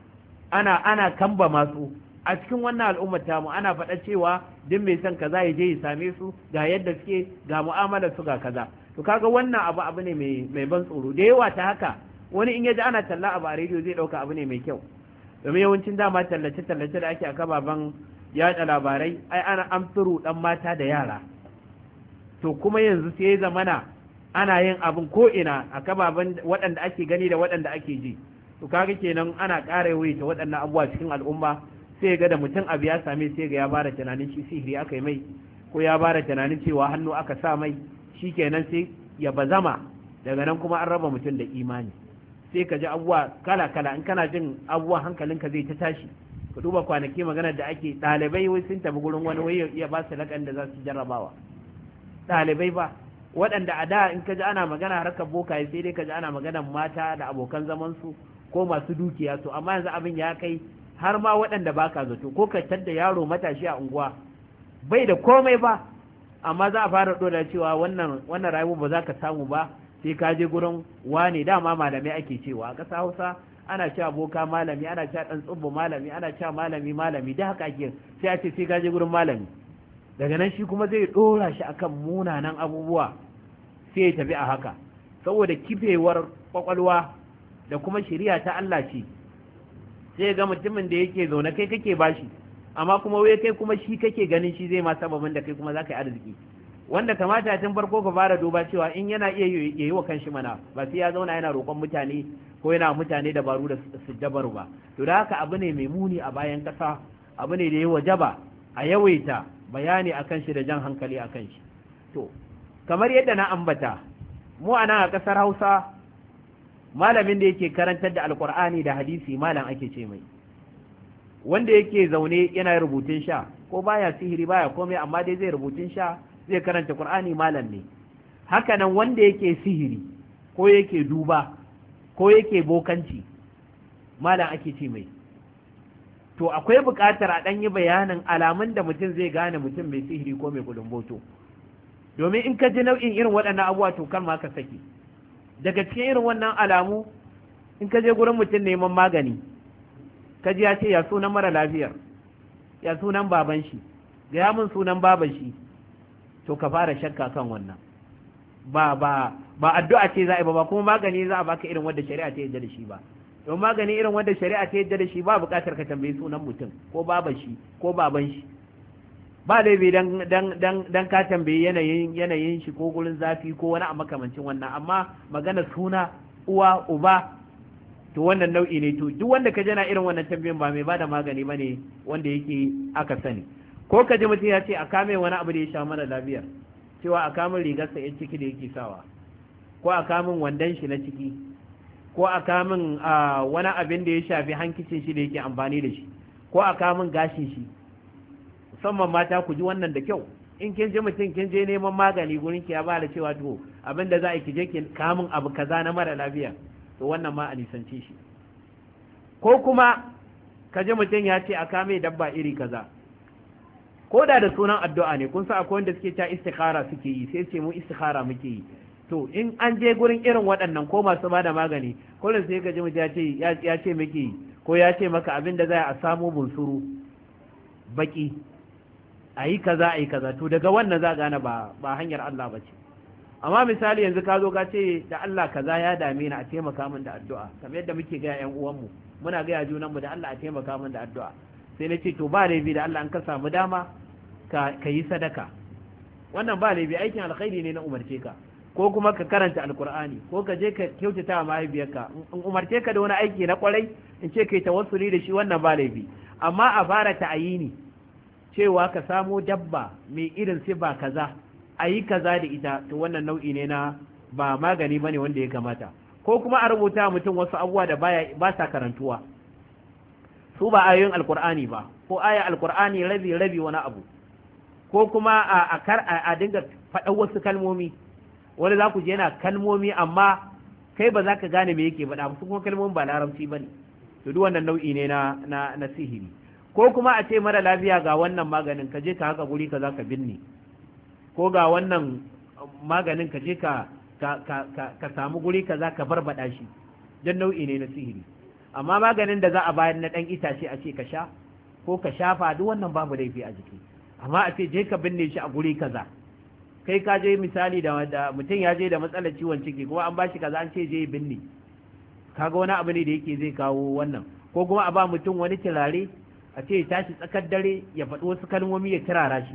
ana ana kamba masu a cikin wannan al'ummar tamu ana faɗa cewa duk mai son kaza ya je ya same su ga yadda suke ga mu'amalar su ga kaza to kaga wannan abu abu ne mai ban tsoro da yawa ta haka wani in ya ji ana talla abu a rediyo zai ɗauka abu ne mai kyau domin yawancin dama tallace tallace da ake a kababan yada labarai ai ana amsuru dan mata da yara to kuma yanzu sai zamana ana yin abin ko ina a kababan waɗanda ake gani da waɗanda ake ji to kaga kenan ana ƙara yawaita waɗannan abubuwa cikin al'umma sai ga da mutum abu ya same sai ga ya bara tunanin shi sihiri aka yi mai ko ya bara tunanin cewa hannu aka sa mai shi kenan sai ya bazama daga nan kuma an raba mutum da imani sai ka ji abuwa kala kala in kana jin abuwa hankalinka zai ta tashi ka duba kwanaki maganar da ake ɗalibai wai sun tafi gurin wani wai ya ba su lakan da za su jarrabawa ɗalibai ba waɗanda a da in ka ji ana magana harkar bokaye sai dai ka ji ana maganar mata da abokan zaman su ko masu dukiya su amma yanzu abin ya kai har ma waɗanda ba ka zato ko ka tadda yaro matashi a unguwa bai da komai ba amma za a fara ɗora cewa wannan wannan rayuwa ba za ka samu ba sai ka je gurin wane dama malamai ake cewa a ƙasa hausa ana cewa boka malami ana cewa ɗan tsubbo malami ana cewa malami malami da haka ake sai a ce sai ka je gurin malami daga nan shi kuma zai ɗora shi akan munanan abubuwa sai ya tafi a haka saboda kifewar kwakwalwa da kuma shari'a ta Allah ce sai ga mutumin da yake zaune kai kake bashi amma kuma wai kai kuma shi kake ganin shi zai ma sababin da kai kuma za ka yi arziki wanda kamata tun farko ka fara duba cewa in yana iya yi wa kanshi mana ba sai ya zauna yana roƙon mutane ko yana mutane dabaru da su dabaru ba to da haka abu ne mai muni a bayan kasa abu ne da ya wajaba a yawaita bayani a kanshi da jan hankali a kanshi to kamar yadda na ambata mu a nan a ƙasar hausa malamin da yake karantar da alkur'ani da hadisi malam ake ce mai wanda yake zaune yana rubutun sha ko baya sihiri baya komai amma dai zai rubutun sha zai karanta qur'ani malam ne haka nan wanda yake sihiri ko yake duba ko yake bokanci malam ake ce mai to akwai buƙatar a ɗan yi bayanin alamun da mutum zai gane mutum mai sihiri ko mai gudun domin in ka ji nau'in irin waɗannan abubuwa to kan ma ka sake daga cikin irin wannan alamu in ka je gurin mutum neman magani ka ji ya ce ya sunan mara lafiyar ya sunan baban shi gaya min sunan baban shi to ka fara shakka kan wannan ba ba ba addu'a ce za a yi ba kuma magani za a baka irin wanda shari'a ta yadda da shi ba don magani irin wanda shari'a ta yadda da shi ba buƙatar ka tambayi sunan mutum ko baban shi ko baban shi ba laifi dan ka tambayi yanayin yanayin shi ko gurin zafi ko wani a makamancin wannan amma magana suna uwa uba to wannan nau'i ne to duk wanda ka jana irin wannan tambayin ba mai bada magani ba ne wanda yake aka sani ko ka ji mutum ya ce a kame wani abu da ya sha mana lafiyar cewa a kamun rigarsa ya ciki da yake sawa ko a kamun wandon shi na ciki ko a kamun ah, wani abin da ya shafi hankicin shi da yake amfani da shi ko a kamun gashin shi musamman mata ku ji wannan da kyau in kin ji mutum kin je neman magani gurin ki ya ba da cewa to abin da za a je ki kamun abu kaza na mara lafiya to wannan ma a nisanci shi ko kuma ka ji mutum ya ce a kame dabba iri kaza ko da da sunan addu'a ne kun sa akwai wanda suke ta istikhara suke yi sai ce mu istikhara muke yi to in an je gurin irin waɗannan ko masu ba da magani kullum sai ka ji mutum ya ce ya ce miki ko ya ce maka abin da za a samu bunsuru baki a yi kaza a yi za to daga wannan za gane ba hanyar Allah ba ce amma misali yanzu ka zo ka ce da Allah kaza ya dame ni a taimaka min da addu'a kamar yadda muke ga 'yan'uwanmu uwanmu muna gaya junan mu da Allah a taimaka min da addu'a sai na ce to ba laifi da Allah an ka samu dama ka yi sadaka wannan ba laifi aikin alkhairi ne na umarce ka ko kuma ka karanta alkur'ani ko ka je ka kyautata wa mahaifiyarka in umarce ka da wani aiki na kwarai in ce kai tawassuli da shi wannan ba laifi amma a fara ta ne. cewa ka samo dabba mai irin ba kaza a yi kaza da ita to wannan nau'i ne na ba magani bane wanda ya kamata ko kuma a rubuta mutum wasu abubuwa da baya ba sa karantuwa su ba ayoyin alkur'ani ba ko aya alkur'ani rabi rabi wani abu ko kuma a kar a dinga faɗa wasu kalmomi wani za ku je yana kalmomi amma kai ba za ka gane me yake faɗa ba su kuma kalmomin ba larabci ba ne to duk wannan nau'i ne na na sihiri ko kuma a ce mara lafiya ga wannan maganin ka je ka haka guri ka za ka binne ko ga wannan maganin ka je ka ka samu guri ka za ka barbada shi don nau'i ne na sihiri amma maganin da za a bayar na dan itace a ce ka sha ko ka shafa duk wannan babu laifi a jiki amma a ce je ka binne shi a guri kaza kai ka je misali da mutum ya je da matsalar ciwon ciki kuma an bashi kaza an ce je binne kaga wani abu ne da yake zai kawo wannan ko kuma a ba mutum wani tirare. a ce ya tashi tsakar dare ya faɗi wasu kalmomi ya kirara shi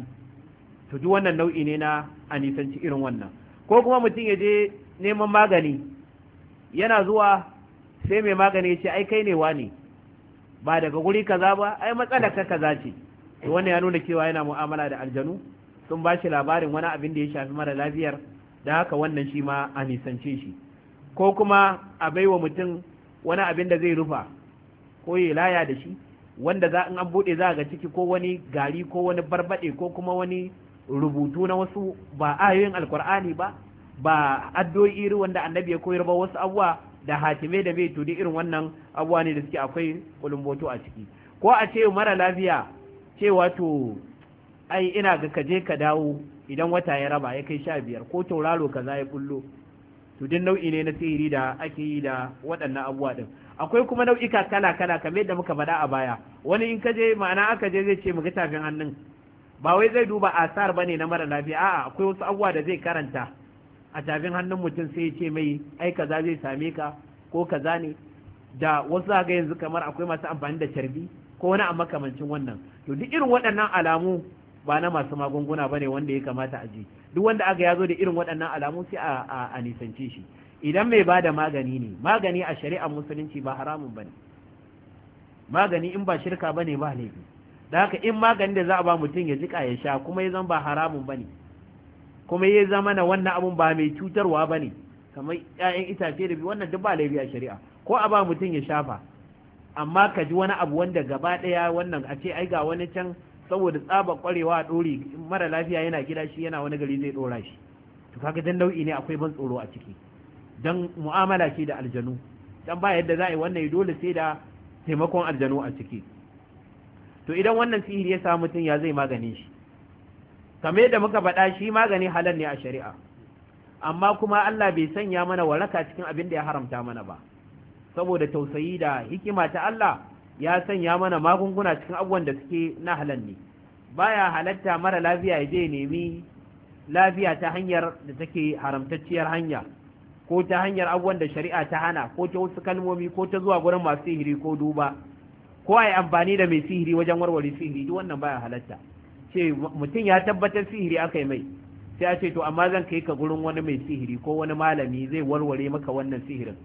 to ji wannan nau'i ne na a nisanci irin wannan ko kuma mutum ya je neman magani yana zuwa sai mai magani ya ce ai kai ne wane ba daga guri kaza ba ai matsalar ka kaza ce to wannan ya nuna cewa yana mu'amala da aljanu sun ba shi labarin wani abin da ya shafi mara lafiyar da haka wannan shi ma a nisance shi ko kuma a baiwa mutum wani abin da zai rufa ko ya laya da shi wanda za in an buɗe za ga ciki ko wani gari ko wani barbaɗe ko kuma wani rubutu na wasu ba ayoyin alkur'ani ba ba addu'o'i iri wanda annabi ya koyar ba wasu abuwa da hatime da mai tudi irin wannan abuwa ne da suke akwai kulumboto a ciki ko a ce mara lafiya cewa to ai ina ga je ka dawo idan wata ya raba ya kai sha biyar ko tauraro kaza ya kullo to din nau'i ne na sihiri da ake yi da waɗannan abuwa din akwai kuma nau'ika kala kala kamar yadda muka bada a baya wani in kaje ma'ana aka je zai ce mu ga tafin hannun ba wai zai duba asar bane na mara lafiya a'a akwai wasu abubuwa da zai karanta a tafin hannun mutum sai ya ce mai ai kaza zai same ka ko kaza ne da wasu zaga yanzu kamar akwai masu amfani da carbi ko wani a makamancin wannan to duk irin waɗannan alamu ba na masu magunguna bane wanda ya kamata a ji duk wanda aka ya zo da irin waɗannan alamu sai a nisance shi idan mai ba da magani ne magani a shari'ar musulunci ba haramun ba ne magani in ba shirka ba ne ba laifi da haka in magani da za a ba mutum ya jika ya sha kuma ya zama ba haramun ba ne kuma ya zama na wannan abun ba mai cutarwa ba ne kamar 'ya'yan itace da bi wannan duk ba laifi a shari'a ko a ba mutum ya shafa amma ka ji wani abu wanda gaba ɗaya wannan a ce ai ga wani can saboda tsaba kwarewa a ɗori mara lafiya yana gida shi yana wani gari zai ɗora shi to kaga dan nau'i ne akwai ban tsoro a ciki don mu'amala ce da aljanu dan ba yadda za a yi wannan dole sai da taimakon aljanu a ciki to idan wannan sihiri ya samu mutum ya zai magani shi kamar yadda muka faɗa shi magani halal ne a shari'a amma kuma Allah bai sanya mana waraka cikin abin da ya haramta mana ba saboda tausayi da hikima ta Allah ya sanya mana magunguna cikin abubuwan da suke na halal ne baya halatta mara lafiya ya je nemi lafiya ta hanyar da take haramtacciyar hanya ko ta hanyar abubuwan da shari'a ta hana ko ta wasu kalmomi ko ta zuwa gurin masu sihiri ko duba ko a yi amfani da mai sihiri wajen warware sihiri duk wannan baya halatta ce mutum ya tabbatar sihiri aka yi mai sai a ce to amma zan kai ka gurin wani mai sihiri ko wani malami zai warware maka wannan sihirin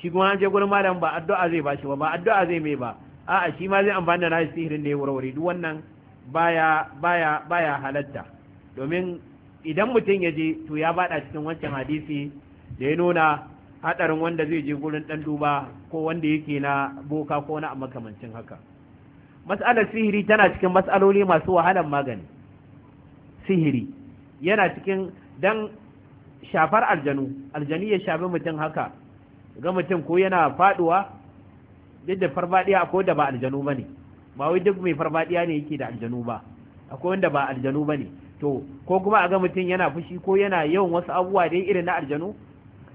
shi kuma an je gurin malam ba addu'a zai bashi ba ba addu'a zai mai ba a'a shi ma zai amfani da nashi sihirin da ya warware duk wannan baya baya baya halatta domin idan mutum ya je to ya bada cikin wancan hadisi da ya nuna hadarin wanda zai je gurin dan duba ko wanda yake na boka ko na makamancin haka mas'alar sihiri tana cikin mas'aloli masu wahalan magani sihiri yana cikin dan shafar aljanu aljani ya shafi mutum haka ga mutum ko yana faduwa duk da farfadiya ko da ba aljanu bane ba wai duk mai farfadiya ne yake da aljanu ba akwai wanda ba aljanu bane to ko kuma a ga mutum yana fushi ko yana yawan wasu abubuwa dai irin na aljanu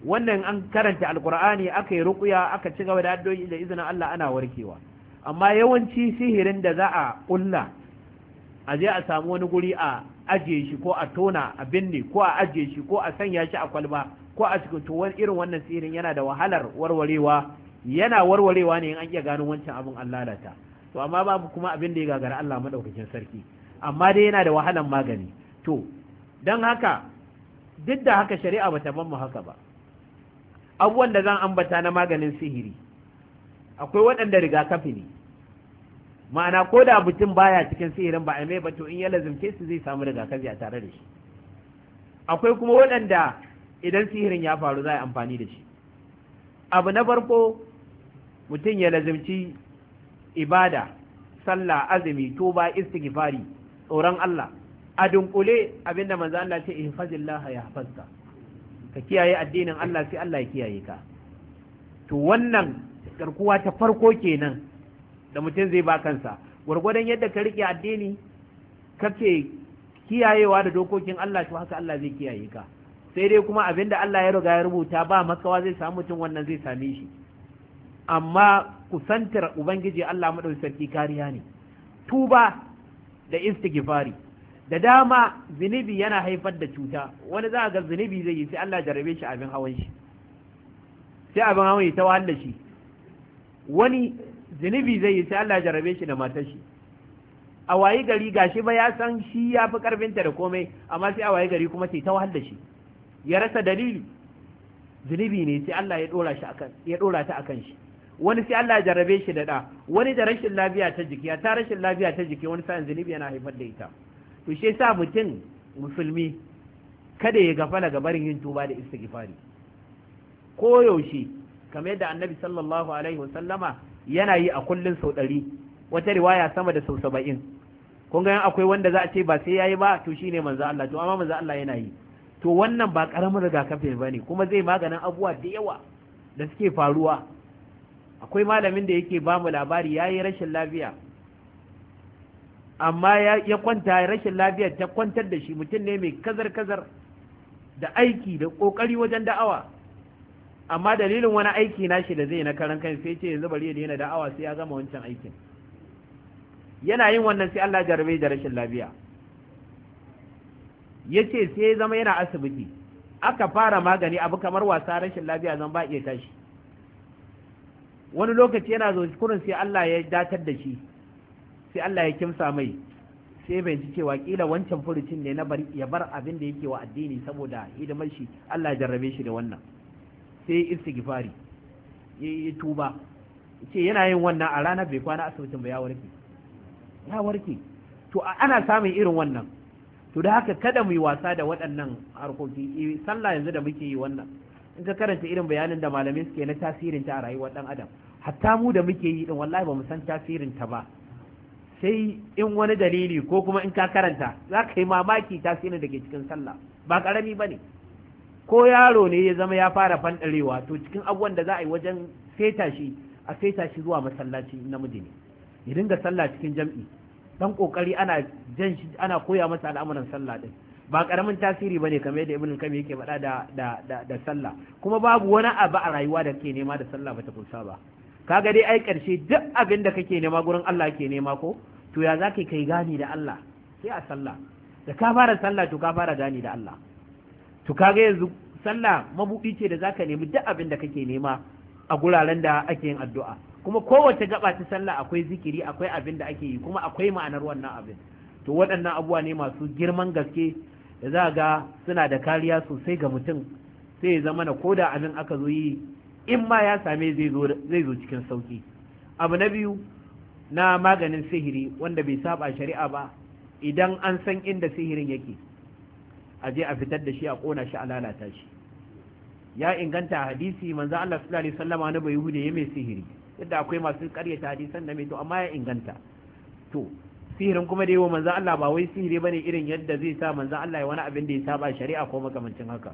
wannan an karanta alkur'ani aka yi rukuya aka ci gaba da addu'o'i da izinin Allah ana warkewa amma yawanci sihirin da za a kulla a je a samu wani guri a ajiye shi ko a tona a binne ko a ajiye shi ko a sanya shi a kwalba ko a cikin irin wannan sihirin yana da wahalar warwarewa yana warwarewa ne in an iya gano wancan abin an lalata to amma babu kuma abin da ya gagara Allah madaukakin sarki amma dai yana da wahalan magani to don haka duk da haka shari'a ba ta ban mu haka ba abubuwan da zan ambata na maganin sihiri akwai waɗanda rigakafi ne ma'ana ko da mutum baya cikin sihirin ba a mai ba to in ya lazimce su zai samu rigakafi a tare da shi akwai kuma waɗanda idan sihirin ya faru za a amfani da shi abu na farko mutum ya lazimci ibada sallah azumi tuba istighfari tsoron Allah a dunkule abinda manzo Allah ce ihfazillah ya hafazka ka kiyaye addinin Allah sai Allah ya kiyaye ka to wannan garkuwa ta farko kenan da mutum zai ba kansa gwargwadon yadda ka rike addini kake kiyayewa da dokokin Allah to haka Allah zai kiyaye ka sai dai kuma abinda Allah ya riga ya rubuta ba makawa zai samu mutum wannan zai same shi amma kusantar ubangiji Allah madaukakin sarki kariya ne tuba da istighfari da dama zunubi yana haifar da cuta wani za a ga zunubi zai yi sai Allah jarabe shi abin hawan shi sai abin hawan ya ta wahala shi wani zunubi zai yi sai Allah jarabe shi da matar shi a wayi gari gashi ba ya san shi ya fi ta da komai amma sai a wayi gari kuma sai ta wahala shi ya rasa dalili zunubi ne sai Allah ya dora shi akan ya dora ta akan shi wani sai Allah ya jarabe shi da da wani da rashin lafiya ta jiki ya ta rashin lafiya ta jiki wani sa'in zunubi yana haifar da ita to shi yasa mutum musulmi kada ya gafala ga barin yin tuba da istighfari ko yaushe kamar yadda annabi sallallahu alaihi wasallama yana yi a kullun sau ɗari wata riwaya sama da sau saba'in kun ga akwai wanda za a ce ba sai yayi ba to shine manzo Allah to amma manzo Allah yana yi to wannan ba karamin rigakafi ne kuma zai maganin abubuwa da yawa da suke faruwa akwai malamin da yake ba mu labari yayi rashin lafiya amma ya kwanta rashin lafiyar ta kwantar da shi mutum ne mai kazar-kazar da aiki da ƙoƙari wajen da'awa amma dalilin wani aiki nashi da zai na karan kai sai ce yanzu bari ya daina da'awa sai ya gama wancan aikin yana yin wannan sai Allah jarabe da rashin lafiya yace sai ya zama yana asibiti aka fara magani abu kamar wasa rashin lafiya zan ba iya tashi wani lokaci yana zo kurin sai Allah ya datar da shi sai Allah ya kimsa mai sai bai ji cewa kila wancan furucin ne na bar ya bar abin da yake wa addini saboda hidimar shi Allah ya jarrabe shi da wannan sai istighfari ya tuba ce yana yin wannan a ranar bai kwana asibitin ba ya warke ya warke to ana samun irin wannan to da haka kada mu yi wasa da waɗannan harkoki sallah yanzu da muke yi wannan in ka karanta irin bayanin da malamai suke na tasirin ta a rayuwar ɗan adam hatta mu da muke yi din wallahi ba mu san tasirin ta ba sai in wani dalili ko kuma in ka karanta za ka yi mamaki tasirin da ke cikin sallah ba karami ba ne ko yaro ne ya zama ya fara fanɗarewa to cikin abubuwan da za a yi wajen feta shi a feta shi zuwa masallaci namiji ne ya dinga sallah cikin jam'i dan kokari ana jan shi ana koya masa al'amuran sallah din ba karamin tasiri bane kamar yadda ibnu kam yake faɗa da da da, sallah kuma babu wani abu a rayuwa da ke nema da sallah bata kusa ba kaga dai ai karshe duk abin da kake nema gurin Allah ke nema ko to ya zaka kai gani da Allah sai a sallah da ka fara sallah to ka fara gani da Allah to kaga yanzu sallah mabudi ce da zaka nemi duk abin da kake nema a guraren da ake yin addu'a kuma kowace gaba ta sallah akwai zikiri akwai abin da ake yi kuma akwai ma'anar wannan abin to waɗannan abubuwa ne masu girman gaske da za ga suna da kariya sosai ga mutum sai ya zama na koda abin aka zo yi in ma ya same zai zo cikin sauki abu na biyu na maganin sihiri wanda bai saba shari'a ba idan an san inda sihirin yake a je a fitar da shi a kona shi a lalata shi ya inganta hadisi manzo Allah sallallahu alaihi wasallam wani bai hude ya mai sihiri yadda akwai masu karyata hadisan da mai to amma ya inganta to sihirin kuma dai wa manzo Allah ba wai sihiri bane irin yadda zai sa manzo Allah ya wani abin da ya saba shari'a ko makamancin haka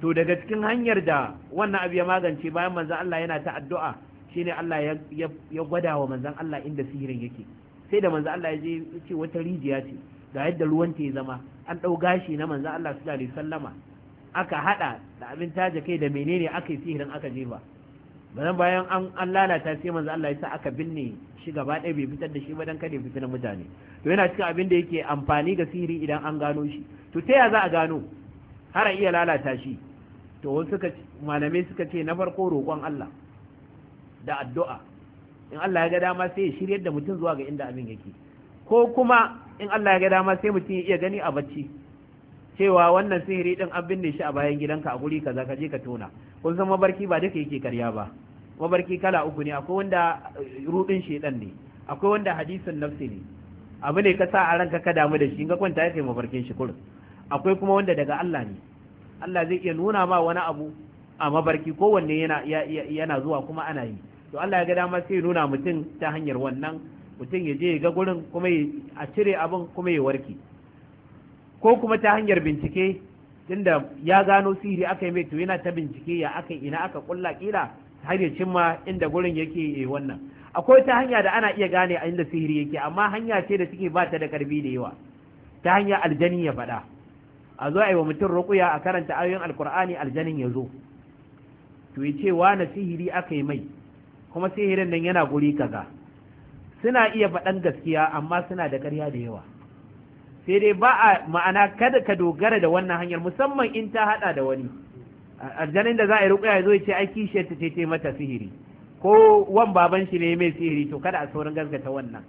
to daga cikin hanyar da wannan abu ya magance bayan manzon Allah yana ta addu'a shine Allah ya gwada wa manzan Allah inda sihirin yake sai da manzon Allah ya je ce wata rijiya ce ga yadda ruwan ta ya zama an ɗau gashi na manzon Allah su alaihi sallama, aka hada da abin taje kai da menene aka yi sihirin aka jefa bayan bayan an lalata sai manzon Allah ya sa aka binne shi gaba ɗaya bai fitar da shi ba dan kada ya fitar mutane to yana cikin abin da yake amfani ga sihiri idan an gano shi to ta ya za a gano har a iya lalata shi to suka malamai suka ce na farko roƙon Allah da addu'a in Allah ya ga dama sai ya shiryar da mutum zuwa ga inda abin yake ko kuma in Allah ya ga dama sai mutum ya iya gani a bacci cewa wannan sihiri din an binne shi a bayan gidanka a guri kaza ka je ka tona kun san mabarki ba duka yake karya ba mabarki kala uku ne akwai wanda eh, rudin shedan ne akwai wanda hadisin nafsi ne abu ne ka sa a ranka ka damu da shi in ka kwanta ya kai mabarkin shi kurin akwai kuma wanda daga Allah ne Allah zai iya nuna ma wani abu a mabarki kowanne yana yana zuwa kuma ana yi to Allah ya ga dama sai nuna mutum ta hanyar wannan mutum ya je ga gurin kuma a cire abin kuma ya warke ko kuma ta hanyar bincike tunda ya gano sihiri aka yi mai to yana ta bincike ya aka ina aka kulla kila har ya cimma inda gurin yake yi eh, wannan akwai ta hanya da ana iya gane a inda sihiri yake amma hanya ce da suke ba ta da karbi da yawa ta hanya aljani ya faɗa a zo a yi wa mutum a karanta ayoyin alkur'ani aljanin ya zo to ya ce na sihiri aka yi mai kuma sihirin nan yana guri kaza suna iya faɗan gaskiya amma suna da ƙarya da yawa sai dai ba a ma'ana kada ka dogara da wannan hanyar musamman in ta haɗa da wani aljanin da za a yi ruƙuya ya zo ya ce ai kishiyar ta ce mata sihiri ko wan baban shi ne mai sihiri to kada a saurin gaskata wannan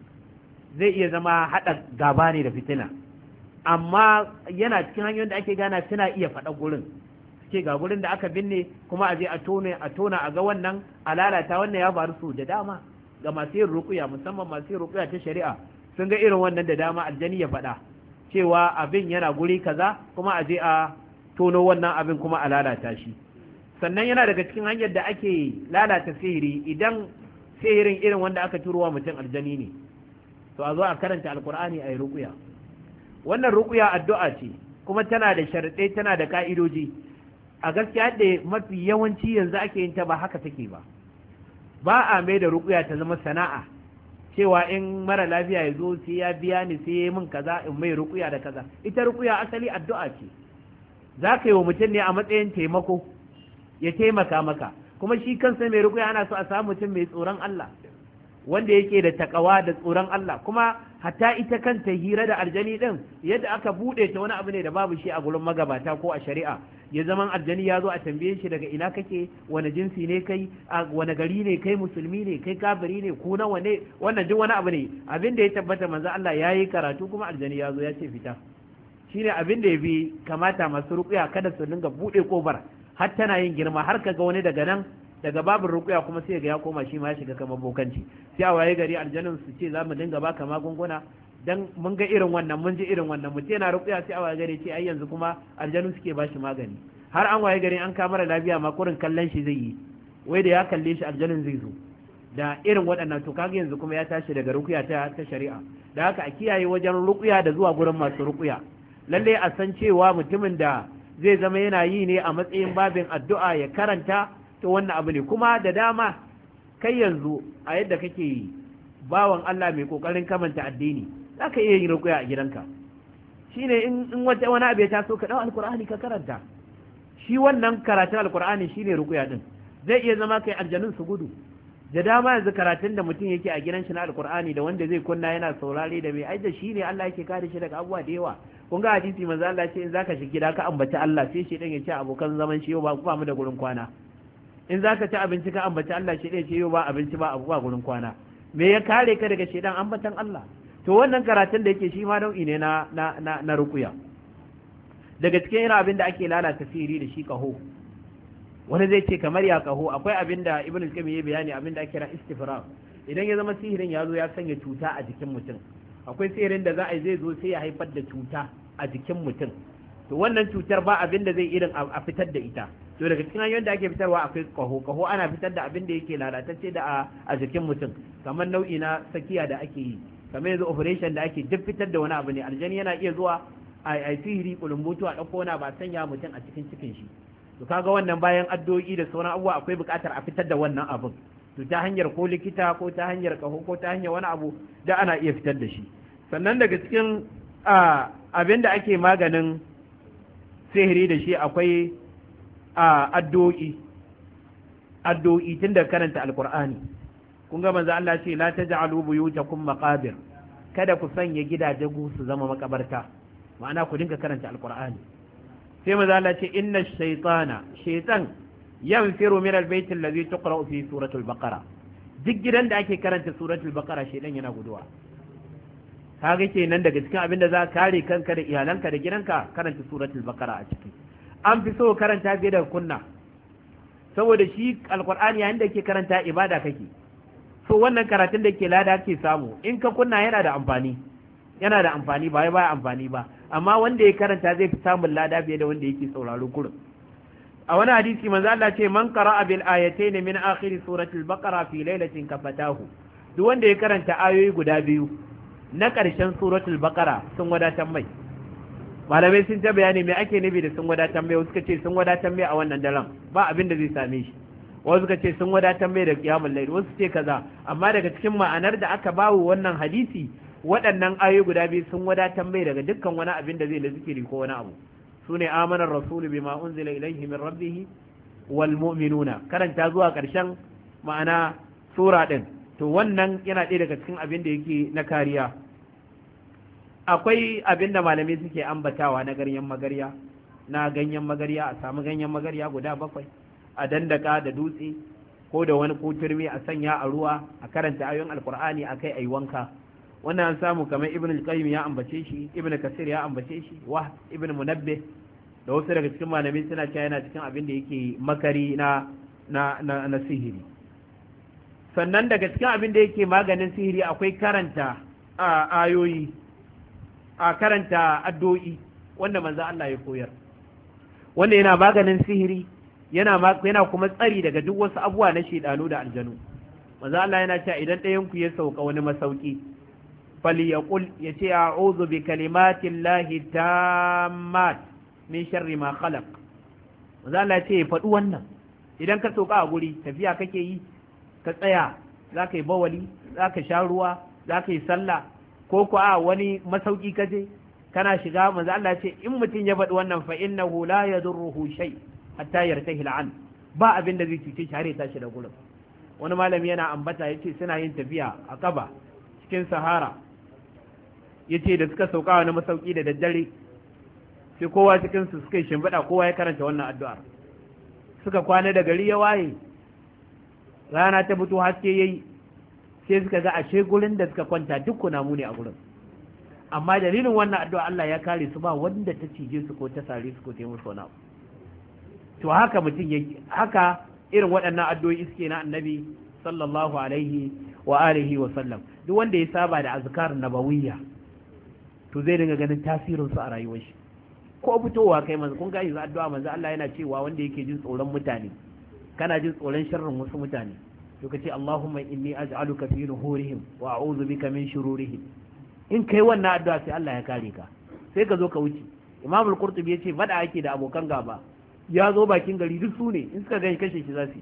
zai iya zama haɗa gaba ne da fitina amma yana cikin hanyoyin da ake gana suna iya faɗa gurin suke ga gurin da aka binne kuma a je a tone a tona a ga wannan a lalata wannan ya faru su da dama ga masu yin rukuya musamman masu yin rukuya ta shari'a sun ga irin wannan da dama aljani ya faɗa cewa abin yana guri kaza kuma a je a tono wannan abin kuma a lalata shi sannan yana daga cikin hanyar da ake lalata sihiri idan sihirin irin wanda aka wa mutum aljani ne to a zo a karanta alkur'ani a yi rukuya wannan ruƙuya addu'a ce kuma tana da sharɗe tana da ka'idoji a gaskiya da mafi yawanci yanzu ake yin ta ba haka take ba ba a mai da ruƙuya ta zama sana'a cewa in mara lafiya ya zo sai ya biya ni sai ya min kaza in mai ruƙuya da kaza ita ruƙuya asali addu'a ce za ka yi wa mutum ne a matsayin taimako ya taimaka maka kuma shi kansa mai ruƙuya ana so a samu mutum mai tsoron Allah wanda yake da takawa da tsoron Allah kuma hatta ita kanta hira da aljani din yadda aka bude ta wani abu ne da babu shi a gurin magabata ko a shari'a ya zaman aljani ya zo a tambaye shi daga ina kake wani jinsi ne kai a wani gari ne kai musulmi ne kai kafiri ne Ko nawa ne wannan duk wani abu ne abin da ya tabbata manzo Allah ya yi karatu kuma aljani ya zo ya ce fita shine abin da ya bi kamata masu ruƙuya kada su dinga bude kofar har tana yin girma har kaga wani daga nan daga babin rukuya kuma sai ga ya koma shi ma ya shiga kamar bokanci sai a waye gari aljanin su ce za mu dinga baka magunguna dan mun ga irin wannan mun ji irin wannan mutum yana rukuya sai a waye gari ce ai yanzu kuma aljanun suke bashi magani har an waye gari an kamar lafiya ma kurin kallon shi zai yi wai da ya kalle shi aljanin zai zo da irin waɗannan to kaga yanzu kuma ya tashi daga rukuya ta ta shari'a da haka a kiyaye wajen rukuya da zuwa gurin masu rukuya lallai a san cewa mutumin da zai zama yana yi ne a matsayin babin addu'a ya karanta to wannan abu ne kuma da dama kai yanzu a yadda kake bawan Allah mai kokarin kamanta addini za ka iya yin rukuya a gidanka shi ne in wata wani abu ya taso ka ɗau alkur'ani ka karanta shi wannan karatun alkur'ani shi ne rukuya ɗin zai iya zama kai aljanun su gudu da dama yanzu karatun da mutum yake a gidan shi na alkur'ani da wanda zai kunna yana saurare da mai aida shi ne Allah yake kare shi daga abuwa da yawa kun ga hadisi manzo Allah ce in zaka shiga gida ka ambaci Allah sai shi dan ya ce abokan zaman shi ba ba mu da gurin kwana in za ka ci abinci ka ambaci Allah shi ɗaya ce yau ba abinci ba abu ba gurin kwana me ya kare ka daga shaidan ambatan Allah to wannan karatun da yake shi ma nau'i ne na rukuya daga cikin irin abin da ake lalata sihiri da shi kaho wani zai ce kamar ya kaho akwai abin da ibn al ya bayani abin da ake kira istifrar idan ya zama sihirin ya zo ya sanya cuta a jikin mutum akwai sihirin da za a zai zo sai ya haifar da cuta a jikin mutum to wannan cutar ba abin da zai irin a fitar da ita to daga cikin hanyoyin da ake fitarwa akwai kaho kaho ana fitar da abin da yake lalatacce da a jikin mutum kamar nau'i na sakiya da ake yi kamar yanzu operation da ake duk fitar da wani abu ne aljani yana iya zuwa a yi sihiri kulumbutu a ɗauko wani ba sanya mutum a cikin cikin shi to kaga wannan bayan addu'o'i da sauran abubuwa akwai buƙatar a fitar da wannan abin to ta hanyar ko likita ko ta hanyar kaho ko ta hanyar wani abu da ana iya fitar da shi sannan daga cikin abin da ake maganin sihiri da shi akwai A addu'o'i tun da karanta alkur'ani kun ga manzo Allah ce la taj'alu buyutakum maqabir kada ku sanya gidaje ku su zama makabarta ma'ana ku dinga karanta alkur'ani sai manzo Allah ce inna shaytana shaytan yanfiru min albayt alladhi tuqra'u fi suratul baqara duk gidan da ake karanta suratul baqara shaytan yana guduwa kaga kenan daga cikin abin da za ka kare kanka da iyalanka da gidanka karanta suratul baqara a ciki an fi so karanta fiye da kunna saboda shi alkur'ani yayin da ke karanta ibada kake so wannan karatun da ke lada ke samu in ka kunna yana da amfani yana da amfani ba ya amfani ba amma wanda ya karanta zai fi samun lada fiye da wanda yake sauraro kurin a wani hadisi manzo Allah ce man qara'a bil ayatayn min akhir surati al-baqara fi lailatin kafatahu duk wanda ya karanta ayoyi guda biyu na ƙarshen suratul baqara sun wadatar mai malamai sun ta bayani me ake nufi da sun wadatar mai suka ce sun wadatar mai a wannan daren ba abin da zai same shi wasu suka ce sun wadatar mai da kiyamul lail wasu ce kaza amma daga cikin ma'anar da aka bawo wannan hadisi waɗannan ayoyi guda biyu sun wadatar mai daga dukkan wani abin da zai da zikiri ko wani abu sune amanar rasulu bima unzila ilaihi min rabbih wal mu'minuna karanta zuwa karshen ma'ana sura din to wannan yana ɗaya daga cikin abin da yake na kariya akwai abinda malamai suke ambatawa na ganyen magarya na ganyen magarya a samu ganyen magarya guda bakwai a dandaka da dutse ko da wani kuturmi a sanya a ruwa a karanta ayoyin alkur'ani a kai a yi wanka wannan an samu kamar ibn al-qayyim ya ambace shi ibn kasir ya ambace shi wa ibn munabbih da wasu daga cikin malami suna cewa yana cikin abin da yake makari na na na, na sihiri sannan daga cikin abin da yake maganin sihiri akwai karanta ayoyi a karanta addu'o'i wanda manzo Allah ya koyar wanda yana maganin sihiri yana yana kuma tsari daga duk wasu abubuwa na shedanu da aljanu manzo Allah yana cewa idan ɗayan ku ya sauka wani masauki falyaqul yace a'udhu bi llahi tammat min sharri ma khalaq manzo Allah ya ce wannan idan ka sauka a guri tafiya kake yi ka tsaya za yi bawali zaka sha ruwa zaka yi sallah ko ku a wani masauki kaje kana shiga manzo Allah ce in mutum ya faɗi wannan fa innahu la yadurruhu shay hatta yartahi an ba abin da zai cuce shi har ya tashi da gurin wani malami yana ambata yace suna yin tafiya a kaba cikin sahara yace da suka sauka wani masauki da daddare sai kowa cikin su suka shimfiɗa kowa ya karanta wannan addu'ar suka kwana da gari ya waye rana ta fito haske yayi sai suka ga ashe gurin da suka kwanta duk namu ne a gurin amma dalilin wannan addu'a Allah ya kare su ba wanda ta cije su ko ta sare su ko ta yi musu wani abu to haka mutum ya haka irin waɗannan addu'o'i iske na annabi sallallahu alaihi wa alihi wa sallam duk wanda ya saba da azkar nabawiyya to zai dinga ganin tasirin su a rayuwar shi ko fitowa kai manzo kun ga yanzu addu'a manzo Allah yana cewa wanda yake jin tsoron mutane kana jin tsoron sharrin wasu mutane to kace Allahumma inni aj'aluka fi nuhurihim wa a'udhu bika min shururihim in kai wannan addu'a sai Allah ya kare ka sai ka zo ka wuce Imam al-Qurtubi yace fada ake da abokan gaba ya zo bakin gari duk su ne in suka gani kashe shi zasu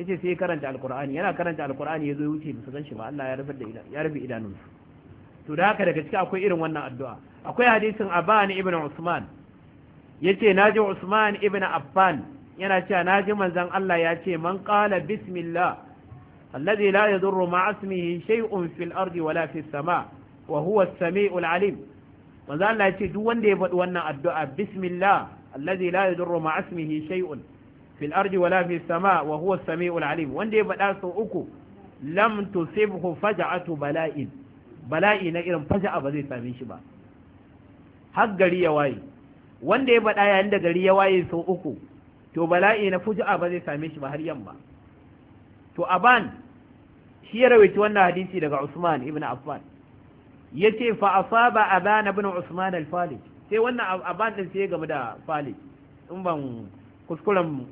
yace sai karanta al Al-Qur'ani yana karanta Al-Qur'ani yazo ya wuce bisa san shi ba Allah ya rufe da ya idanunsu to da haka daga ciki akwai irin wannan addu'a akwai hadisin Aban ibn Usman yace naji Usman ibn Affan yana cewa naji manzon Allah ya ce man qala bismillah الذي لا يضر مع اسمه شيء في الأرض ولا في السماء وهو السميع العليم manzo Allah duk wanda ya faɗi wannan addu'a bismillah allazi la yadurru ma ismihi shay'un fil wala fis sama wa huwa as wanda ya faɗa sau uku lam tusibhu faj'atu bala'in bala'i irin faja'a ba zai same shi ba har gari ya waye wanda ya faɗa yayin da gari ya waye sau uku to bala'i na ba zai same shi ba har yamma to aban shi ya rawaita wannan hadisi daga Usman ibn Affan yace fa asaba aban ibn Usman al-Falij sai wannan aban din sai ya gamu da Falij in ban kuskuren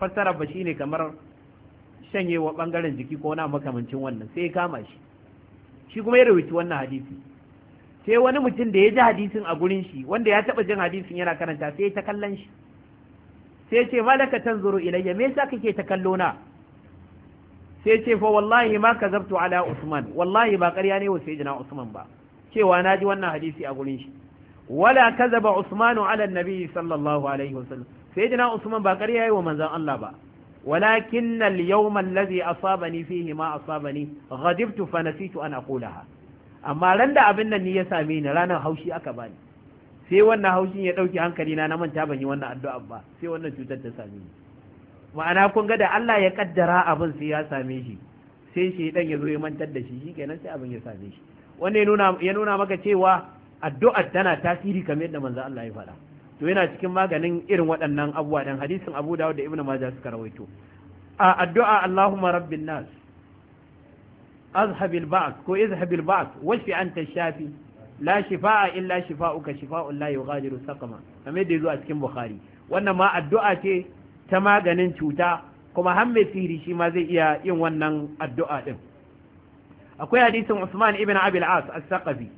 fassara ba shine kamar shanyewa bangaren jiki ko na makamancin wannan sai ya kama shi shi kuma ya rawaita wannan hadisi sai wani mutum da ya ji hadisin a gurin shi wanda ya taba jin hadisin yana karanta sai ya ta kallon shi sai ya ce malaka tanzuru ilayya me yasa kake ta kallo na sai ce fa wallahi ma kazabtu ala usman wallahi ba ƙarya ne wa sayyidina ba cewa naji wannan hadisi a gurin shi wala kazaba usman ala sallallahu alaihi wasallam sayyidina usman ba ƙarya yayi wa Allah ba walakin al-yawm alladhi asabani fihi ma asabani ghadibtu fa nasitu an aqulaha amma ran da abin nan ni ya same ni ranar haushi aka bani sai wannan haushin ya dauki hankali na na manta ban yi wannan addu'a ba sai wannan cutar ta same ni ma'ana kun ga da Allah ya kaddara abin sai ya same shi sai shi dan ya zo ya mantar da shi shikenan sai abin ya same shi wanda ya nuna ya nuna maka cewa addu'a tana tasiri kamar yadda manzo Allah ya faɗa to yana cikin maganin irin waɗannan abubuwa dan hadisin Abu Dawud da Ibn Majah suka rawaito a addu'a Allahumma rabbin nas azhabil ba's ko izhabil ba's washfi anta shafi la shifa'a illa shifa'uka shifa'un la yughadiru saqama kamar da yazo a cikin Bukhari wannan ma addu'a ce ta maganin cuta kuma har mai sihiri shi ma zai iya yin wannan addu'a din akwai hadisin Usman ibn al As as-Saqafi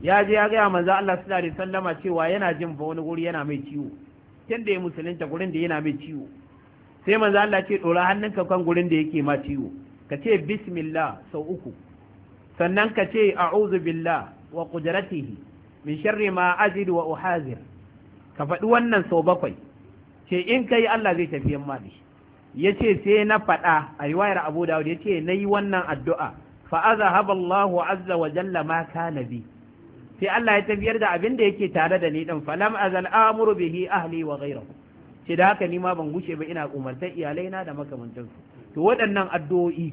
ya je ya ga manzo Allah sallallahu alaihi wasallama cewa yana jin ba wani guri yana mai ciwo tunda ya musulunta gurin da yana mai ciwo sai manzo Allah ce dora hannunka kan gurin da yake ma ciwo ka ce bismillah sau uku sannan ka ce a'udhu billah wa qudratihi min sharri ma azidu wa uhazir ka faɗi wannan sau bakwai ce in yi Allah zai tafi yamma da Ya ce sai na faɗa a riwayar Abu Dawud yace nayi wannan addu'a Fa'aza azhaba Allahu azza wa jalla ma kana sai Allah ya tafiyar da abin da yake tare da ni din falam azal amuru bihi ahli wa ghayruhu ce da haka ni ma ban gushe ba ina umartar iyalaina da makamantansu to waɗannan addu'o'i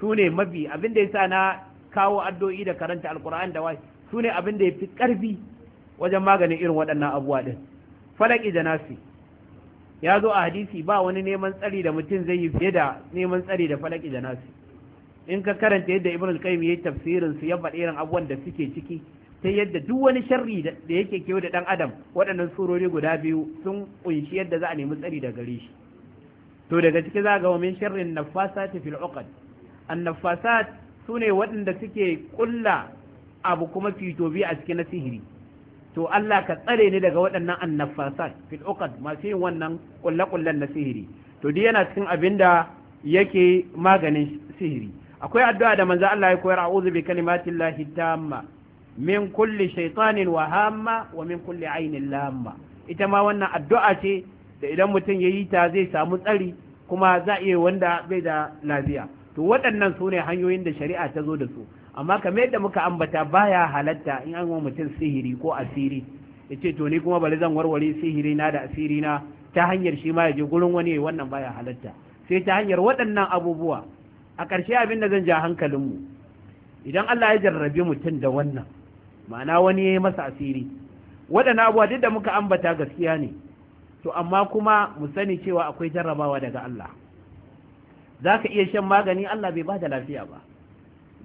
su ne mafi abin da sa na kawo addu'o'i da karanta alkur'ani da wai su ne abin da ya fi ƙarfi wajen maganin irin waɗannan abubuwa ɗin falaki da nasi ya zo a hadisi ba wani neman tsari da mutum zai yi fiye da neman tsari da falaki da nasu in ka karanta yadda ibn al-qayyim yayi tafsirin su ya faɗi irin abubuwan da suke ciki ta yadda duk wani sharri da yake kewa da dan adam waɗannan surori guda biyu sun kunshi yadda za a nemi tsari da gare shi to daga ciki za ga wa min sharrin nafasati fil uqad an-nafasat sune waɗanda suke kulla abu kuma fito bi a cikin sihiri to Allah ka tsare ni daga waɗannan annafasat fil uqad masu yin wannan kullakullan na sihiri to duk yana cikin abin da yake maganin sihiri akwai addu'a da manzo Allah ya koyar a'udhu bi kalimati llahi tamma min kulli shaytanin wa hamma wa min kulli ainin lamma ita ma wannan addu'a ce da idan mutum ya yi ta zai samu tsari kuma za iya wanda bai da lafiya to waɗannan su ne hanyoyin da shari'a ta zo da su amma kamar yadda muka ambata baya halatta in an wa mutum sihiri ko asiri ya ce to ni kuma bari zan warware sihiri na da asiri na ta hanyar shi ma ya je gurin wani wannan baya halatta sai ta hanyar waɗannan abubuwa a ƙarshe abin da zan ja hankalinmu idan Allah ya jarrabi mutum da wannan ma'ana wani ya yi masa asiri waɗannan abubuwa duk da muka ambata gaskiya ne to amma kuma mu sani cewa akwai jarrabawa daga Allah za ka iya shan magani Allah bai ba da lafiya ba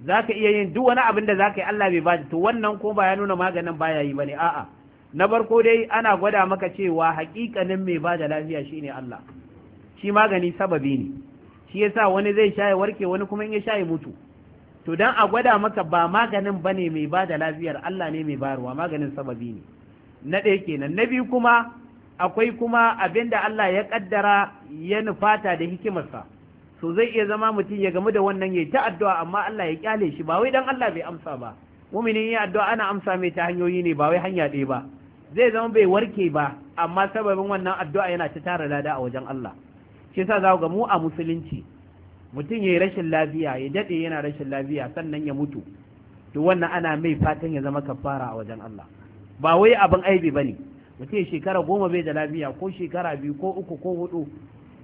za ka iya yin duk wani abin da za ka yi Allah bai bada to wannan ko ba ya nuna maganin baya yi bane a'a na farko dai ana gwada maka cewa hakikanin mai bada lafiya shine Allah shi magani sababi ne shi yasa wani zai shaye warke wani kuma in ya shaye mutu to dan a gwada maka ba maganin bane mai bada lafiyar Allah ne mai bayarwa maganin sababi ne na ɗaya kenan na biyu kuma akwai kuma abinda Allah ya kaddara ya nufata da hikimarsa so zai iya zama mutum ya gamu da wannan ya ta addu'a amma Allah ya kyale shi ba wai dan Allah bai amsa ba muminin ya addu'a ana amsa mai ta hanyoyi ne ba wai hanya ɗaya ba zai zama bai warke ba amma sababin wannan addu'a yana ta tara lada a wajen Allah shi yasa za ga mu a musulunci mutum ya yi rashin lafiya ya daɗe yana rashin lafiya sannan ya mutu to wannan ana mai fatan ya zama kafara a wajen Allah ba wai abin aibi bane mutum shekara goma bai da lafiya ko shekara biyu ko uku ko hudu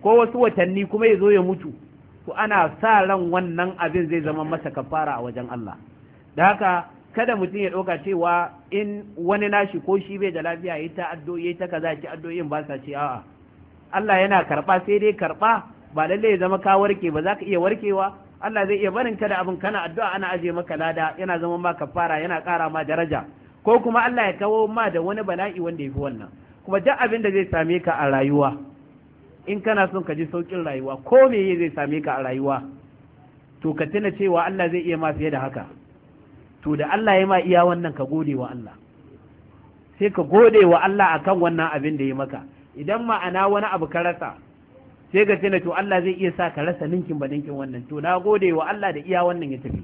ko wasu watanni kuma ya zo ya mutu to ana sa ran wannan abin zai zama masa kafara a wajen Allah da haka kada mutum ya ɗauka cewa in wani nashi ko shi bai da lafiya ya ta addu'o'i ta kaza ci addu'o'in ba sa ce a'a Allah yana karba sai dai karɓa ba lalle ya zama ka warke ba za ka iya warkewa Allah zai iya barin ka da abin kana addu'a ana aje maka lada yana zama ma kafara yana ƙara ma daraja ko kuma Allah ya kawo ma da wani bala'i wanda ya fi wannan kuma duk abin da zai same ka a rayuwa in kana son ka ji saukin rayuwa ko meye zai same ka a rayuwa to ka tuna cewa Allah zai iya ma fiye da haka to da Allah ya ma iya wannan ka gode wa Allah sai ka gode wa Allah akan wannan abin da ya maka idan ma'ana wani abu ka rasa sai ka tuna to Allah zai iya sa ka rasa ninkin ba ninkin wannan to na gode wa Allah da iya wannan ya tafi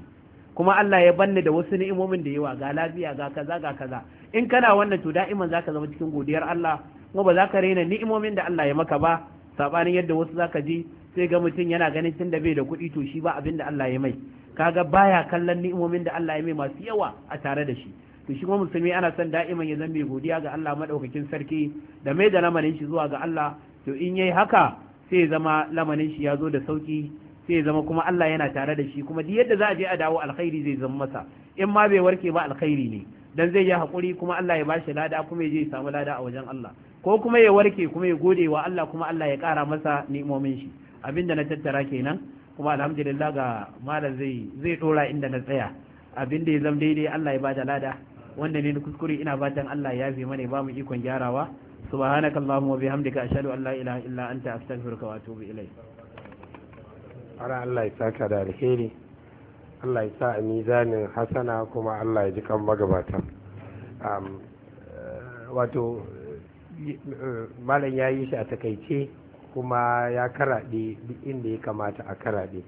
kuma Allah ya banni da wasu ni'imomin da yawa ga lafiya ga kaza ga kaza in kana wannan to da'iman zaka zama cikin godiyar Allah kuma ba za ka raina ni'imomin da Allah ya maka ba sabanin yadda wasu ka ji sai ga mutum yana ganin tun da bai da kuɗi to shi ba abin da Allah ya mai kaga baya kallon ni'imomin da Allah ya mai masu yawa a tare da shi to shi kuma musulmi ana son da'iman ya zama mai godiya ga Allah madaukakin sarki da mai da lamarin shi zuwa ga Allah to in yayi haka sai zama lamarin shi ya zo da sauki sai zama kuma Allah yana tare da shi kuma duk yadda za a je a dawo alkhairi zai zama masa in ma bai warke ba alkhairi ne dan zai yi hakuri kuma Allah ya bashi lada kuma ya je ya samu lada a wajen Allah ko kuma ya warke kuma ya gode wa Allah kuma Allah ya ƙara masa ni'imomin shi abinda na tattara kenan kuma alhamdulillah ga malam zai zai tsora inda na tsaya abinda ya zama daidai Allah ya bada lada wanda ne kuskure ina fatan Allah ya yafe mana ba mu ikon gyarawa subhanakallahumma wa bihamdika ashhadu an la ilaha illa anta astaghfiruka wa atubu ilayk
ara Allah ya saka da alheri Allah ya sa a mizanin hasana kuma Allah ya ji kan magabata eh, wato malam ya yi shi a takaice kuma ya karaɗe duk inda ya kamata a karaɗe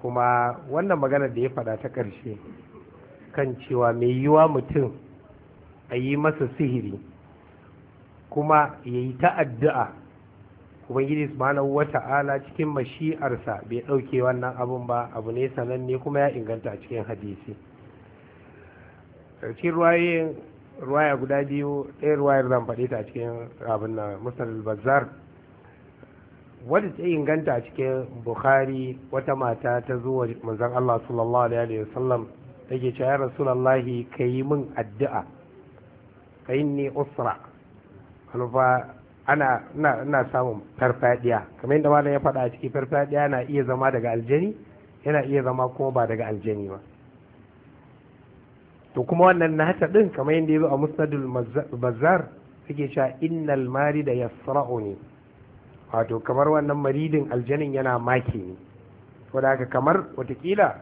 kuma wannan magana da ya faɗa ta ƙarshe kan cewa mai yiwa mutum a yi masa sihiri kuma ya yi ta'addu'a ubangiji subhanahu wata'ala cikin mashi'arsa bai ɗauke wannan abun ba abu ne sananne kuma ya inganta a cikin hadisi cikin ruwayoyin ruwaya guda biyu ɗaya ruwayar zan faɗi ta a cikin abin na musnad bazzar wadda ta inganta a cikin bukhari wata mata ta zo wa manzan Allah sallallahu alaihi wasallam take cewa ya rasulullahi yi min addu'a ka yi ni usra halufa ana ina samun farfadiya kamar yadda malam ya faɗa a ciki farfadiya na iya zama daga aljani yana iya zama kuma ba daga aljani ba to kuma wannan nata din kamar yadda yazo a musnadul bazar suke cewa innal yasra'u ne. wato kamar wannan maridin aljanin yana maki ne saboda haka kamar watakila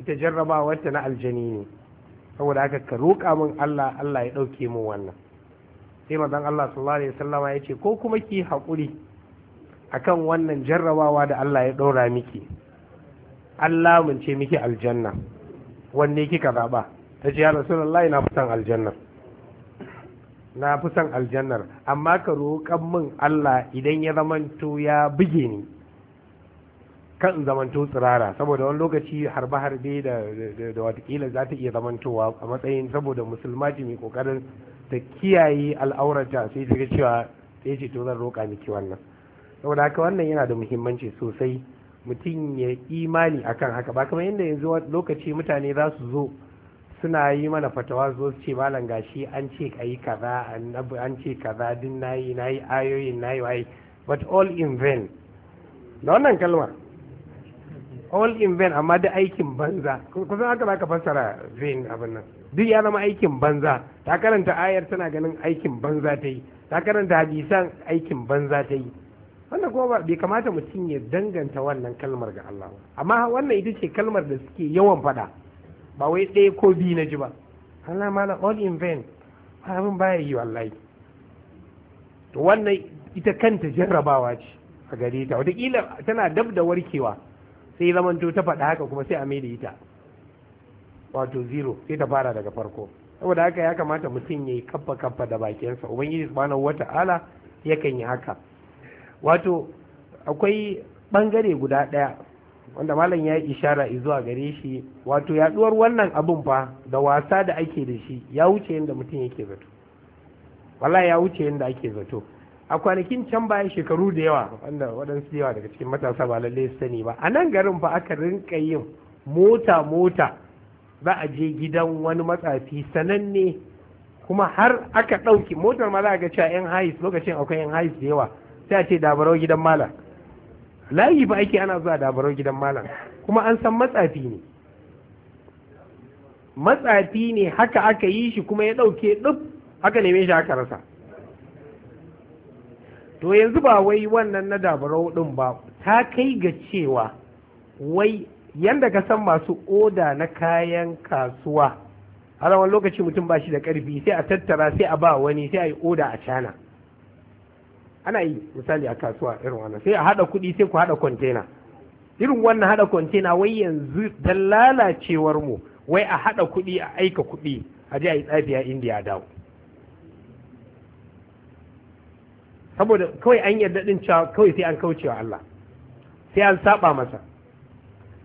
ita wata na aljani ne saboda haka ka roƙa min Allah Allah ya ɗauke mu wannan sai mazan Allah sallallahu alaihi wasallama ya ce ko kuma ki haƙuri akan wannan jarrabawa da Allah ya ɗaura miki Allah mun ce miki aljanna wanne kika zaɓa ta ce ya rasulallah na fitan aljannar na fusan aljannar amma ka roƙan min Allah idan ya zamanto ya buge ni kan in zamanto tsirara saboda wani lokaci harba harbe da watakila za ta iya zamantowa a matsayin saboda musulma ce mai kokarin ta kiyaye al'aurata sai ta cewa sai ce to zan roƙa miki wannan saboda haka wannan yana da muhimmanci sosai mutum ya imani akan haka ba kamar yadda yanzu lokaci mutane za su zo suna yi mana fatawa zo su ce malam gashi an ce ka yi kaza an ce kaza din nayi nayi ayoyin nayi wai but all in vain da wannan kalmar all in vain amma da aikin banza kusan haka za ka fassara vain abin nan duk ya zama aikin banza ta karanta ayar tana ganin aikin banza ta yi ta karanta hadisan aikin banza ta yi wanda kuma bai kamata mutum ya danganta wannan kalmar ga Allah amma wannan ita ce kalmar da suke yawan faɗa ba wai ɗaya ko biyu na ji ba Allah mala all in vain abin baya yi wallahi to wannan ita kanta jarrabawa ce a gare ta wataƙila tana dab da warkewa sai zamanto ta faɗa haka kuma sai a mai ita wato zero sai ta fara daga farko saboda haka ya kamata mutum ya yi kaffa kaffa da bakinsa ubangiji wata ala yakan yi haka wato akwai bangare guda ɗaya wanda malam ya yi ishara zuwa gare shi wato yaduwar wannan abun fa da wasa da ake da shi ya wuce yadda mutum yake zato wala ya wuce yadda ake zato a kwanakin can baya shekaru da yawa wanda waɗansu yawa daga cikin matasa ba lallai su sani ba a nan garin fa aka rinka yin mota mota za a je gidan wani matsafi sananne kuma har aka ɗauki motar ma za a ga cewa yan hais lokacin akwai yan hais da yawa sai a ce dabarau gidan malam layi ba ake ana zuwa dabarau gidan malam kuma an san matsafi ne matsafi ne haka aka yi shi kuma ya ɗauke ɗuf aka neme shi aka rasa to yanzu ba wai wannan na dabarau ɗin ba ta kai ga cewa wai yanda ka san masu oda na kayan kasuwa har wani lokaci mutum ba shi da ƙarfi sai a tattara sai a ba wani sai a yi oda a cana ana yi misali a kasuwa irin wannan sai a haɗa kuɗi sai ku haɗa kwantena irin wannan haɗa kwantena wai yanzu da lalacewar mu wai a haɗa kuɗi a aika kuɗi a je a yi tsafiya indiya dawo saboda kawai an yarda din cewa kawai sai an kauce wa Allah sai an saba masa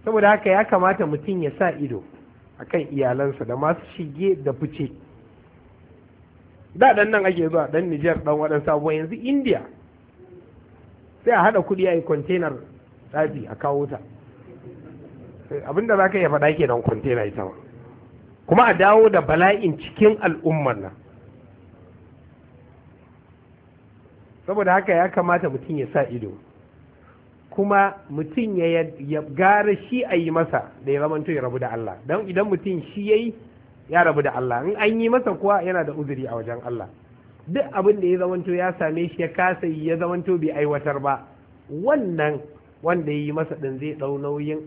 saboda haka ya kamata mutum ya sa ido akan iyalansa da masu shige da fice da dan nan ake zuwa dan Nijar dan waɗansu abuwa yanzu India sai a haɗa kuɗi a yi kwantenar tsafi a kawo ta eh, abinda za ka iya faɗa ke nan kwantena ita ma kuma a dawo da bala'in cikin al'ummar nan saboda haka ya kamata mutum ya sa ido kuma mutum ya gara shi a yi masa da ya zamanto ya rabu da Allah don idan mutum shi ya yi ya rabu da Allah in an yi masa kuwa yana da uzuri a wajen Allah duk abin da ya zamanto ya same shi ya kasa ya zamanto bai aiwatar ba wannan wanda ya yi masa din zai ɗau nauyin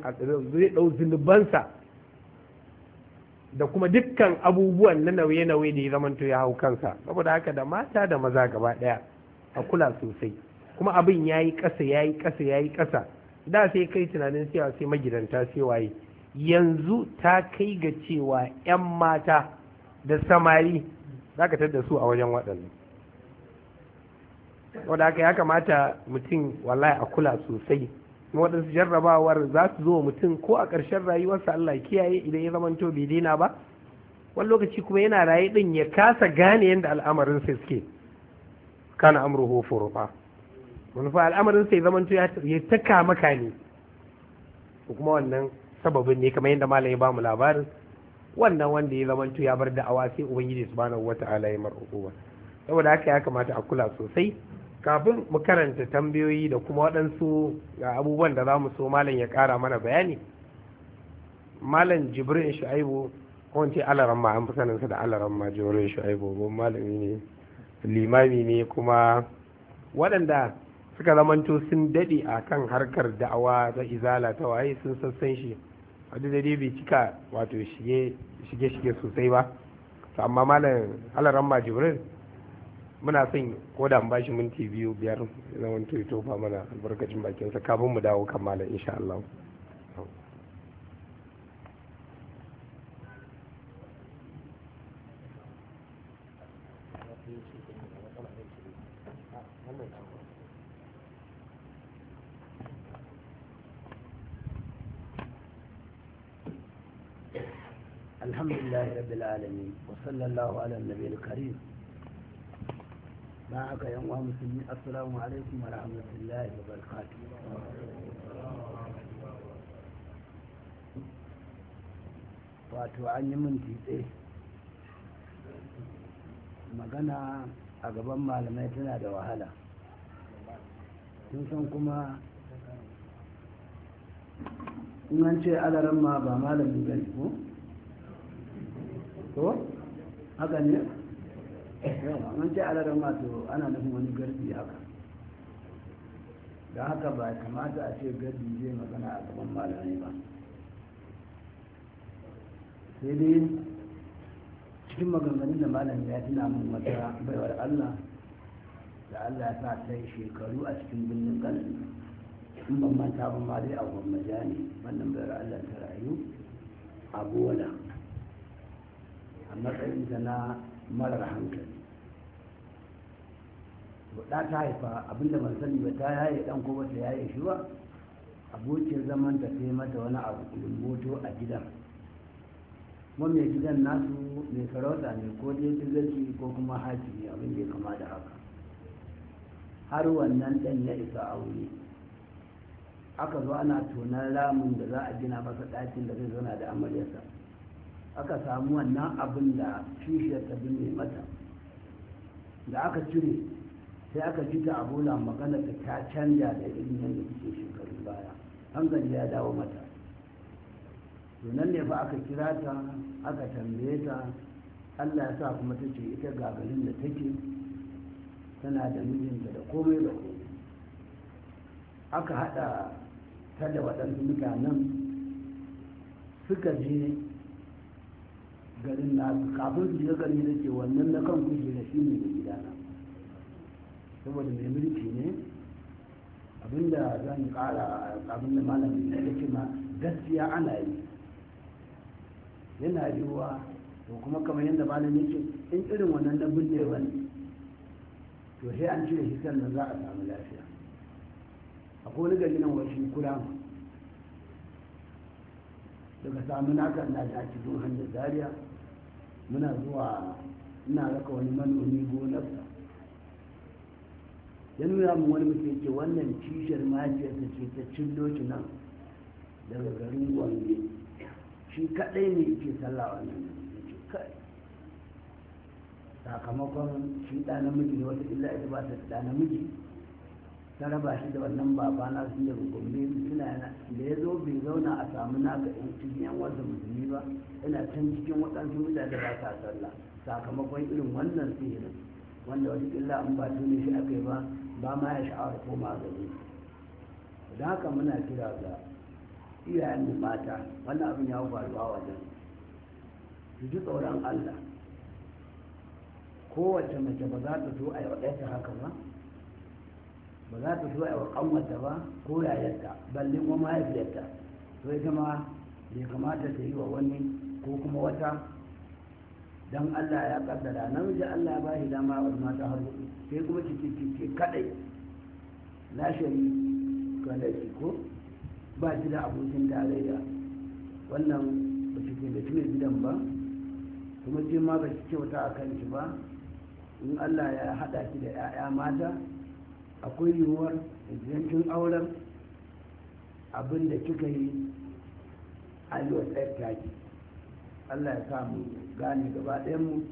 zai ɗau zunubansa da kuma dukkan abubuwan na nauye-nauye da ya zamanto ya hau kansa saboda haka da mata da maza gaba ɗaya a kula sosai kuma abin ya yi ƙasa ya yi ƙasa ya yi ƙasa da sai kai tunanin cewa sai magidanta sai waye yanzu ta kai ga cewa 'yan mata da samari za ka da su a wajen waɗanda. wadda aka ya kamata mutum wallahi a kula sosai waɗansu jarrabawar za su zo mutum ko a ƙarshen rayuwarsa Allah kiyaye idan ya zamanto bai daina ba wani lokaci kuma yana raye ɗin ya kasa gane yadda al'amarin sai suke kana amruhu furufa manufa al'amarin sai zamanto ya ta kama ne kuma wannan sababin ne kamar yadda malam ya ba mu labarin wannan wanda ya zamanto ya bar da'awa sai ubangiji subhanahu bana ya mar hukuma saboda haka ya kamata a kula sosai kafin mu karanta tambayoyi da kuma waɗansu abubuwan da za mu so malam ya ƙara mana bayani malam jibrin shu'aibu ko ce alaramma an fi saninsa da alaramma jibrin shu'aibu ko malami ne limami ne kuma waɗanda suka zamanto sun daɗe a kan harkar da'awa da izala ta waye sun sassan shi wanda da dai bai cika wato shige-shige sosai ba to amma malam halaran ma jibril muna son ko da ba shi minti biyu biyar zaman to tofa mana albarkacin bakinsa kafin mu dawo kan malam insha Allah
رب العالمين وصلى الله على النبي الكريم معك يا أمام المسلمين السلام عليكم ورحمة الله وبركاته wato an yi min titse magana a gaban malamai tana da wahala sun san kuma in an ce alaran ba malamin ko? to haka ne yau an ce aladar masu ana nufin wani garbi haka Da haka ba kamata a ce garbi zai magana a gaban malamai ba sai dai cikin maganganun da malamai ya tuna min wata baiwar allah da allah ya sa ta shekaru a cikin birnin kanin in ban manta ban ma dai a gwamnati ne wannan baiwar allah ta rayu a gona a matsayin da na marar hankali da ta haifa abinda ban sani ba ta yaye dan ko bata yaye shi ba abokin zaman ta sai mata wani abu lumboto a gidan kuma mai gidan nasu mai sarauta ne ko dai tuzarci ko kuma ne abin da ya kama da haka har wannan ɗan ya isa aure aka zo ana tonar ramin da za a gina masa ɗakin da zai zauna da amaryarsa aka samu wannan abin da kishiyar ta binne mata da aka cire sai aka ji ta abola magana ta ta canja da irin yadda suke shekaru baya hankali ya dawo mata nan ne fa aka kira ta aka tambaye ta allah ya sa kuma ta ce ita gagarin da take tana da mijinta da komai da komai aka haɗa ta da waɗansu mutanen suka je garin na kafin su shiga gari da ke wannan na kan kushe da shi ne da gidana saboda mai mulki ne abinda zan kara kafin da malamin ya ce ma gaskiya ana yi yana yiwuwa to kuma kamar yadda na ce in irin wannan na binne wani to sai an cire shi sannan za a samu lafiya akwai wani gari nan wasu kurama daga samu naka na da cikin hanyar zariya muna zuwa ina raka wani manomi gonarsa ya nuna mu wani mutum ce wannan tishar ta ce ta cillo nan daga garin gombe shi kadai ne ke sallah wannan ce kai sakamakon shi ɗa namiji ne wata illa ita ba ta namiji ta shi da wannan baba na sun da gombe suna yana da ya zo bai zauna a samu naka yan cikin yan wasu musulmi ba yana can cikin waɗansu mutane ba sa sallah sakamakon irin wannan sihirin wanda wani illa an ba tuni shi aka yi ba ba ma ya sha'awar koma gari da haka muna kira ga iyayen mu mata wannan abin ya faru wajen su ji tsoron allah kowace mace ba za ta zo a yi yaudata haka ba ba za ta so a wa kanwata ba ko yayarta balle ko mahaifiyarta to ita ma bai kamata ta yi wa wani ko kuma wata Don Allah ya kaddara namiji Allah ya bashi dama wa mata har hudu sai kuma ciki ciki kadai lashari ga laifi ko ba shi da abokin tarayya wannan ba ki da tuna gidan ba kuma ce ma ba ki kyauta a shi ba in Allah ya haɗa shi da 'ya'ya mata akwai yiwuwar yankin auren abin da kika yi a yi wa allah ya samu gane gaba mu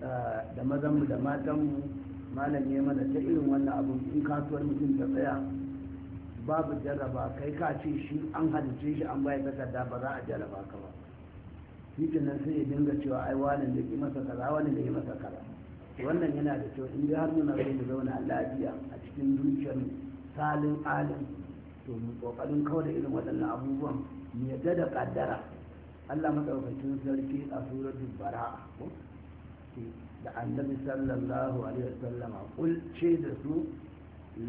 da mazanmu da matanmu malam ya mana ta irin wannan abin in kasuwar mutum ta tsaya babu jarraba kai ka ce shi an halice shi an bayar takarda ba za a jaraba ka ba shi nan sai ya dinga cewa ai wani da ke masa kaza wani da ya masa kaza wannan yana da kyau in har muna zai mu zauna lafiya a cikin dukiyar salin alin to mu kokarin da irin waɗannan abubuwan mu yadda da kaddara Allah madaukakin sarki a suratul bara'a da annabi sallallahu alaihi wasallam qul ce da su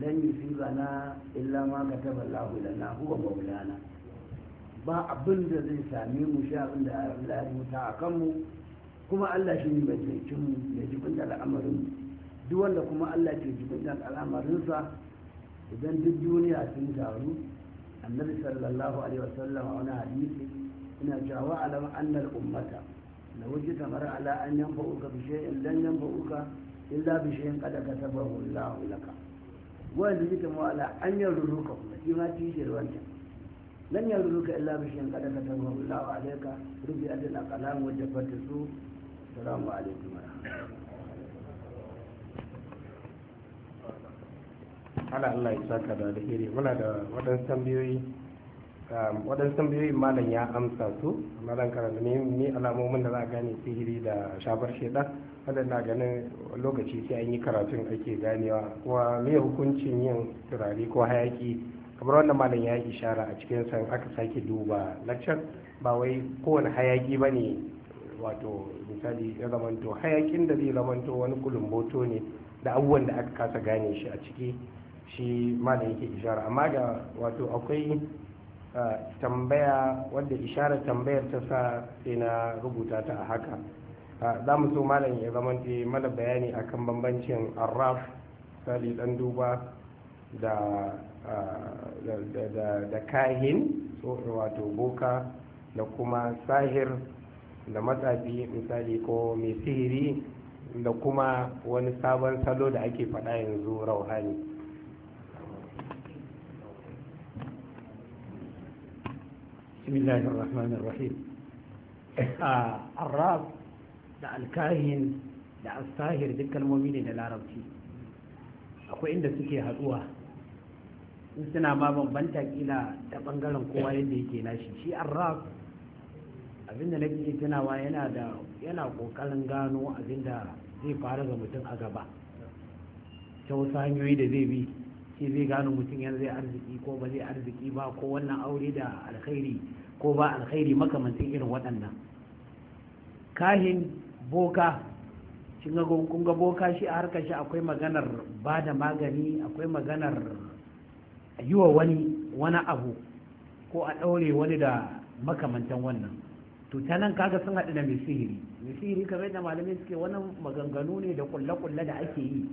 lan yusibana illa ma kataba Allahu lana huwa maulana ba abin da zai same mu sha abin da Allah ya rubuta a kanmu. kuma Allah shi ne mai taikin mu ya jibin al'amarin mu duk wanda kuma Allah ke jibin al'amarinsa idan duk duniya sun taru annabi sallallahu alaihi wasallam a wani hadisi ina cewa alam annal ummata Na wuce mara ala an yanfa'uka bi shay'in lan uka, illa bi shay'in qad katabahu Allah laka wanda yake ta ala an yarruka kuma shi ma tijir wancan lan yarruka illa bi shay'in qad katabahu Allah alayka rubi adal aqlam wa jabbatu Ana
Allah ya saka da muna da waɗansu tambayoyi um, waɗansu tambayoyi malam ya amsa su malam karanta ne ni alamomin da za a gane sihiri da shafar shaidan waɗanda ganin lokaci sai an yi karatun ake ganewa kuma me hukuncin yin turare ko hayaki kamar wanda malam ya yi ishara a cikin san aka sake duba lakcar ba wai kowane hayaki ba ne wato misali ya zamanto hayakin da zai zamanto wani kulumboto ne da abubuwan da aka kasa gane shi a ciki shi malam yake ishara amma ga wato akwai tambaya wadda ishara tambayar ta sa sai na rubuta ta a haka za mu so malam ya zamanta mana bayani akan bambancin arraf sali dan duba da kahin wato boka da kuma sahir da matsafi misali ko mai sihiri da kuma wani sabon salo da ake faɗa yanzu rauhani
arab da alkahin da asahir duk kalmomi ne da larabci akwai inda suke haɗuwa
suna ma banbanta kila da ɓangaren kowa yadda yake nashi shi arab
abinda nake tunawa yana da yana kokarin gano abinda zai fara ga mutum a gaba ta wasu hanyoyi da zai bi shi zai
gano mutum yana zai arziki ko ba zai arziki ba ko wannan aure da alkhairi ko ba alkhairi makamantin irin waɗannan kahin boka shi ga ga boka shi a harkar shi akwai maganar ba da magani akwai maganar yi wa wani wani abu ko a ɗaure wani da makamantan wannan to ta nan kaga sun haɗu da mai sihiri mai sihiri kamar da malamai suke wannan maganganu ne da kulle-kulle da ake yi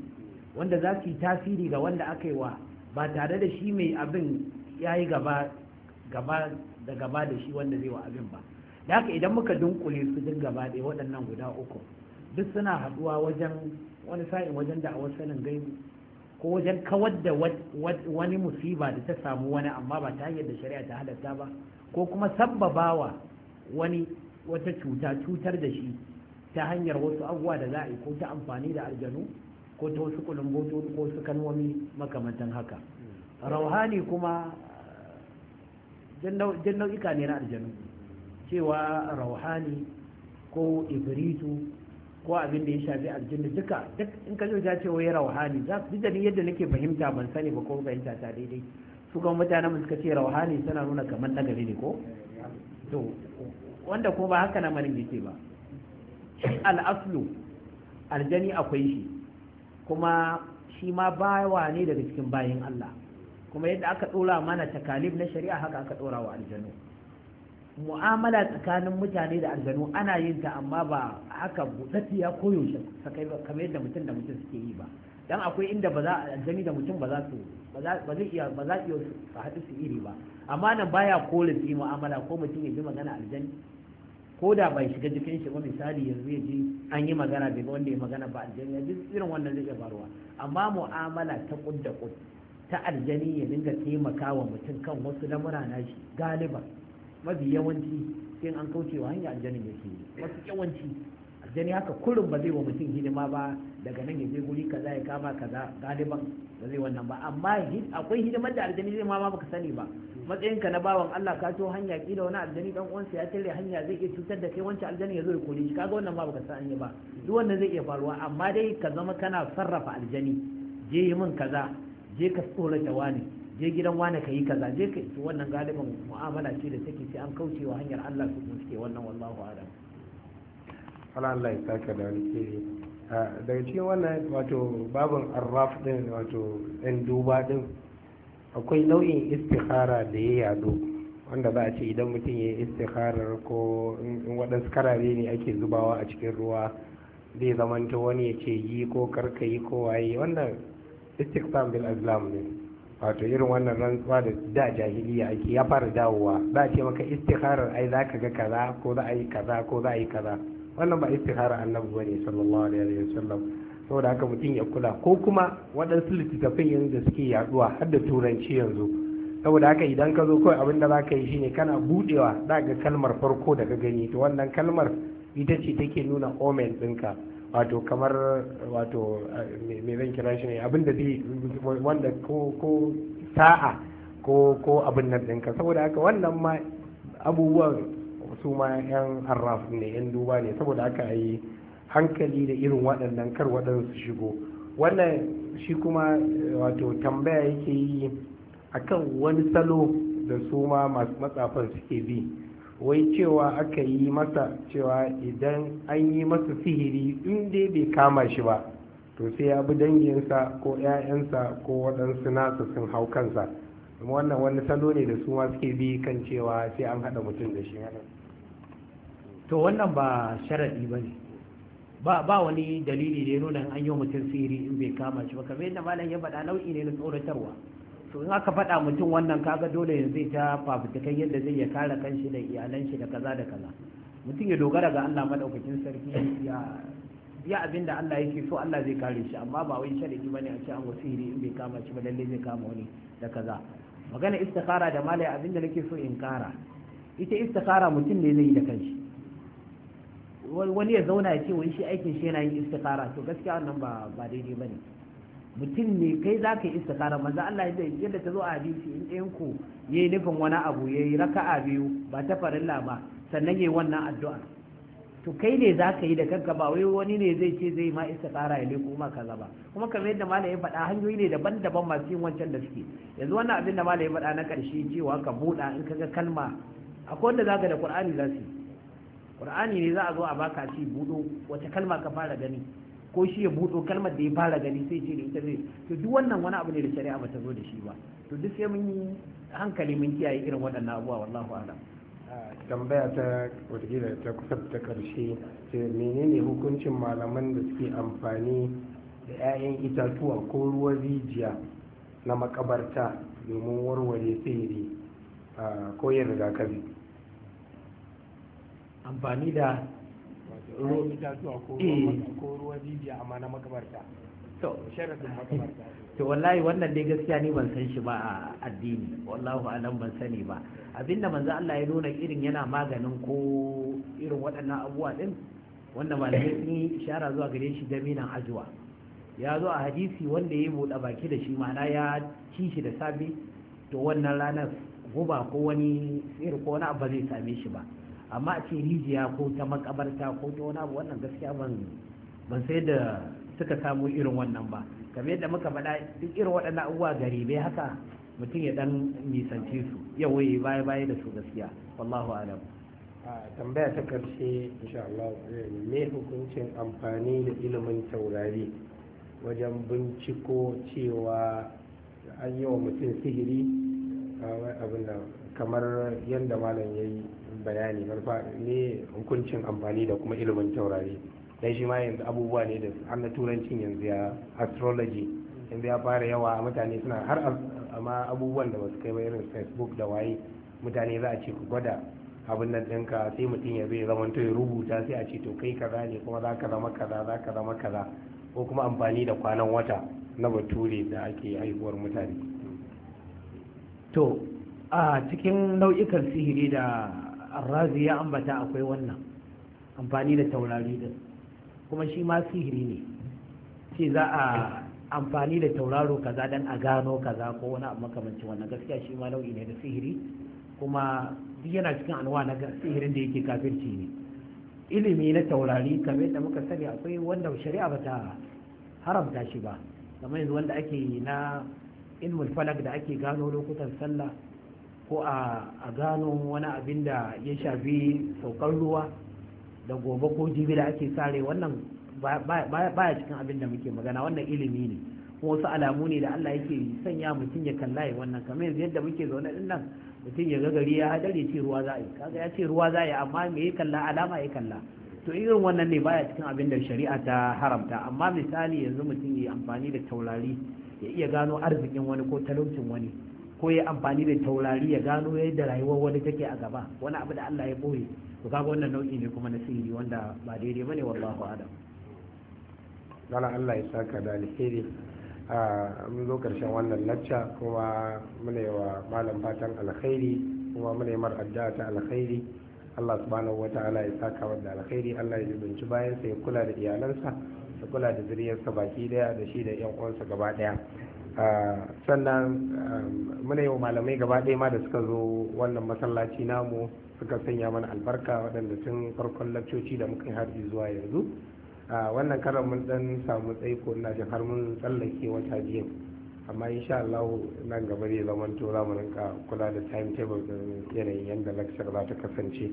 wanda za su yi tasiri ga wanda aka yi wa ba
tare da shi mai abin ya yi gaba da gaba da shi wanda zai wa abin ba da haka idan muka dunkule su duk gaba da waɗannan guda uku duk suna haɗuwa wajen wani sa'in wajen da a sanin gai ko wajen kawar da wani
musiba da ta samu wani amma ba ta hanyar da shari'a ta halatta ba ko kuma sabbabawa wani wata cuta cutar da shi ta hanyar wasu abubuwa da za a yi ko ta amfani da aljanu ko ta wasu kulumboto ko su kalmomi makamantan haka rauhani kuma jan nau'ika ne na aljanu cewa rauhani ko ibritu ko abin da ya shafi aljanna duka duk in ka zo ta ce wai rauhani za su duk yadda nake fahimta ban sani ba ko fahimta ta daidai su kuma mutanen mu suka ce rauhani suna nuna kamar nagari ne ko to wanda kuma ba haka na yake ba al'aslu aljani akwai shi kuma shi ma bawa ne daga cikin bayan Allah kuma yadda aka ɗora mana takalib na shari'a haka aka ɗora wa aljanu mu'amala tsakanin mutane da aljanu ana yin ta amma ba haka buɗaɗɗiya koyaushe kamar yadda mutum da mutum suke yi ba dan akwai inda ba za aljani da mutum ba za su ba zai iya ba za iya su haɗu su iri ba amma nan baya kola su yi mu'amala ko mutum ya ji magana aljani ko da bai shiga jikin shi ba misali yanzu ya ji an yi magana bai wanda ya magana ba aljani ya ji irin wannan zai iya faruwa amma mu'amala ta kud da kud ta aljani ya dinga taimaka wa mutum kan wasu lamura na shi galiba mafi yawanci sai an kaucewa hanya aljanin ke yi mafi yawanci jani haka kullum ba zai wa mutum hidima ba daga nan ya je guri kaza ya kama kaza galiban ba zai wannan ba amma akwai hidimar da aljani zai ma ba baka sani ba matsayin ka na bawan Allah ka to hanya kila wani aljani dan uwansa ya tare hanya zai iya cutar da kai wancan aljani ya zo ya kore shi kaga wannan ba baka sani ba duk wannan zai iya faruwa amma dai ka zama kana sarrafa aljani je yi min kaza je ka tsorata wani je gidan wani ka yi kaza je ka wannan galiban mu'amala ce da take sai an kaucewa hanyar Allah su suke
wannan wallahu a'lam ala Allah ya da wani daga cikin wannan wato babin arraf din wato ɗan duba din akwai nau'in istihara da ya yado wanda za a ce idan mutum ya yi ko in waɗansu karare ne ake zubawa a cikin ruwa zai zamanta wani ya ce yi ko karka yi ko waye wannan istiqsam bil azlam ne wato irin wannan rantsuwa da da jahiliya ake ya fara dawowa za a ce maka istiharar ai za ka ga kaza ko za a yi kaza ko za a yi kaza wannan ba istihara annabi bane sallallahu alaihi wa sallam saboda haka mutum ya kula ko kuma waɗansu littattafai yanzu suke yaduwa har da turanci yanzu saboda haka idan ka zo kawai abin da za ka yi shine kana budewa za ga kalmar farko da ka gani to wannan kalmar ita ce take nuna omen ɗinka wato kamar wato me zan kira shi ne abin da zai wanda ko sa'a ko abin nan ɗinka saboda haka wannan ma abubuwan su ma 'yan harraf ne 'yan duba ne saboda aka a yi hankali da irin waɗannan kar waɗansu shigo wannan shi kuma eh, wato tambaya yake yi a kan wani salo da su ma masu matsafan suke bi wai cewa aka yi masa cewa idan an yi masa sihiri in dai bai kama shi ba to sai ya bi danginsa ko 'ya'yansa ko waɗansu nasa sun hau kansa wannan wani salo ne da su ma suke bi kan cewa sai an haɗa mutum da shi to wannan ba sharaɗi ba ne
ba wani dalili ne nuna an yi mutum siri in bai kama shi ba kamar yadda malam ya faɗa nau'i ne na tsoratarwa to in aka faɗa mutum wannan kaga dole yanzu ta fafutukan yadda zai ya kare kanshi da iyalan shi da kaza da kaza mutum ya dogara ga Allah madaukakin sarki ya ya abinda Allah yake so Allah zai kare shi amma ba wai sharadi bane a ce an wasiri in bai kama shi ba lalle zai kama wani da kaza magana istikhara da malai abinda nake so in kara ita istikhara mutum ne zai yi da kanshi wani ya zauna ya ce wani shi aikin shi yana yin istikara to gaskiya wannan ba ba daidai bane mutum ne kai za ka yi istikara manzo Allah yadda yadda ta zo a hadisi in ɗayan ku yayi nufin wani abu yayi raka'a biyu ba ta farilla ba sannan yayi wannan addu'a to kai ne za ka yi da kanka ba wai wani ne zai ce zai ma istikara ya leko ma kaza ba kuma kamar yadda malam ya faɗa hanyoyi ne daban-daban masu yin wancan da suke yanzu wannan abin da malam ya faɗa na ƙarshe cewa ka buɗa in ka ga kalma akwai wanda za ka da ƙur'ani za su yi qur'ani ne za a zo a baka shi budo wace kalma ka fara gani ko shi ya budo kalmar da ya fara gani sai ce da ita zai to duk wannan wani abu ne da shari'a ba ta zo da shi ba
to duk sai mun yi hankali mun kiyaye irin waɗannan abubuwa wallahu a'lam tambaya ta wadda ta kusa ta karshe menene hukuncin malaman da suke amfani da 'ya'yan itatuwa ko ruwa rijiya na makabarta domin warware sihiri ah, ko yin rigakafi amfani da ruwa ko eh. amma na makabarta
to wallahi wannan dai gaskiya ni ban san shi ba a addini wallahu alam ban sani ba abinda manzo Allah ya nuna irin yana maganin ko irin waɗannan abubuwa din wanda malamai sun ishara zuwa gare shi jaminan ajuwa ya zo a hadisi wanda ya buɗe baki da shi ma'ana ya ci shi da safe to wannan ranar guba ko wani irin ko wani abu zai same shi ba amma a ce rijiya ko ta makabarta ko ta wani abu wannan gaskiya ban ban sai da suka samu irin wannan ba kamar yadda muka faɗa duk irin waɗannan abubuwa garibai haka mutum ya dan nisance su yau ya baya baya da su gaskiya wallahu alam
tambaya ta karshe insha Allah me hukuncin amfani da ilimin taurari wajen binciko cewa an yi wa mutum sihiri abin kamar yadda malam ya yi bayani ne hukuncin amfani da kuma ilimin taurari dan shi ma yanzu abubuwa ne da har na turancin yanzu ya astrology yanzu ya fara yawa mutane suna har amma abubuwan da basu kai ba irin facebook da waye mutane za a ce ku gwada abin nan ɗinka sai mutum ya zai zama to ya rubuta sai a ce to kai kaza ne kuma za ka zama kaza za ka zama kaza ko kuma amfani da kwanan wata na bature da ake haihuwar mutane to a cikin nau'ikan sihiri da arrazi
ya ambata akwai wannan amfani da taurari din kuma shi ma sihiri ne ce za a amfani da tauraro kaza dan a gano kaza ko wani abu makamancin wannan gaskiya shi ma nau'i ne da sihiri kuma duk yana cikin anuwa na sihirin da yake kafirci ne ilimi na taurari kamar da muka sani akwai wanda shari'a bata haramta shi ba kamar yanzu wanda ake yi na ilmul falak da ake gano lokutan sallah ko a gano wani abin da ya shafi saukar ruwa da gobe ko jibi da ake sare wannan baya cikin abin da muke magana wannan ilimi ne kuma wasu alamu ne da Allah yake sanya mutum ya kalla ya wannan kamar yanzu yadda muke zaune din nan mutum ya gagari ya hadari ce ruwa za a yi kaga ya ce ruwa za a yi amma me ya kalla alama ya kalla to irin wannan ne baya cikin abin da shari'a ta haramta amma misali yanzu mutum ya amfani da taurari ya iya gano arzikin wani ko talaucin wani ko ya amfani da taurari ya gano yadda rayuwar wani take a gaba wani abu da Allah ya boye
to kaga wannan nau'i ne kuma na sihiri wanda ba daidai bane wallahu adam dala Allah ya saka da alheri a mun zo karshen wannan lacca kuma muna yi wa malam fatan alkhairi kuma muna yi mar addu'a ta alkhairi Allah subhanahu wataala ya saka wa da alkhairi Allah ya jibinci bayan sa ya kula da iyalansa ya kula da zuriyarsa baki daya da shi da yan uwansa gaba daya Ah, sannan ah, muna yi wa malamai gaba ɗaya ma da suka zo wannan masallaci namu suka sanya mana albarka waɗanda tun farkon lakcoci da muka harbi zuwa yanzu ah, wannan karan mun dan samu tsaiko na jin har mun tsallake wata biyu amma insha Allah nan gaba zai zama to za mu rinka kula da timetable da yanayin yanda lecture za ta kasance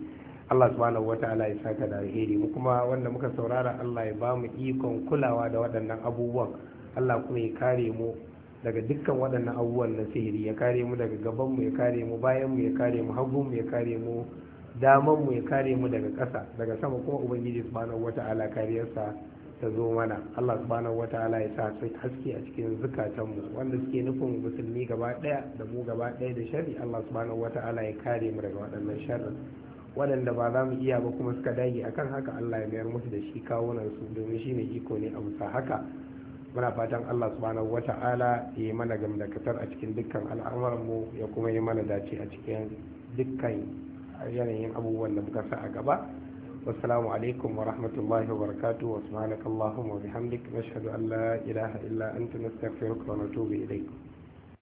Allah subhanahu wataala ya saka da alheri mu kuma wanda muka saurara Allah ya ba mu ikon kulawa da waɗannan abubuwan Allah kuma ya kare mu daga dukkan waɗannan abubuwan na sihiri ya kare mu daga gaban ya kare mu bayan mu ya kare mu hagu mu ya kare mu daman ya kare mu daga ƙasa daga sama kuma ubangiji subhanahu wata'ala kariyarsa ta zo mana Allah subhanahu wata'ala ya sa haske a cikin zukatan mu wanda suke nufin musulmi gaba ɗaya da mu gaba ɗaya da shari Allah subhanahu wata'ala ya kare mu daga waɗannan sharrin waɗanda ba za mu iya ba kuma suka dage akan haka Allah ya mayar musu da shi kawunan su domin ne iko ne a bisa haka muna fatan Allah subhanahu wata'ala ya yi mana gamdakatar a cikin dukkan al'amuranmu ya kuma yi mana dace a cikin dukkan yanayin abubuwan da muka sa a gaba wassalamu alaikum wa rahmatullahi wa barakatu wa subhanakallahumma wa bihamdik nashhadu an la ilaha illa anta nastaghfiruka wa natubu ilayk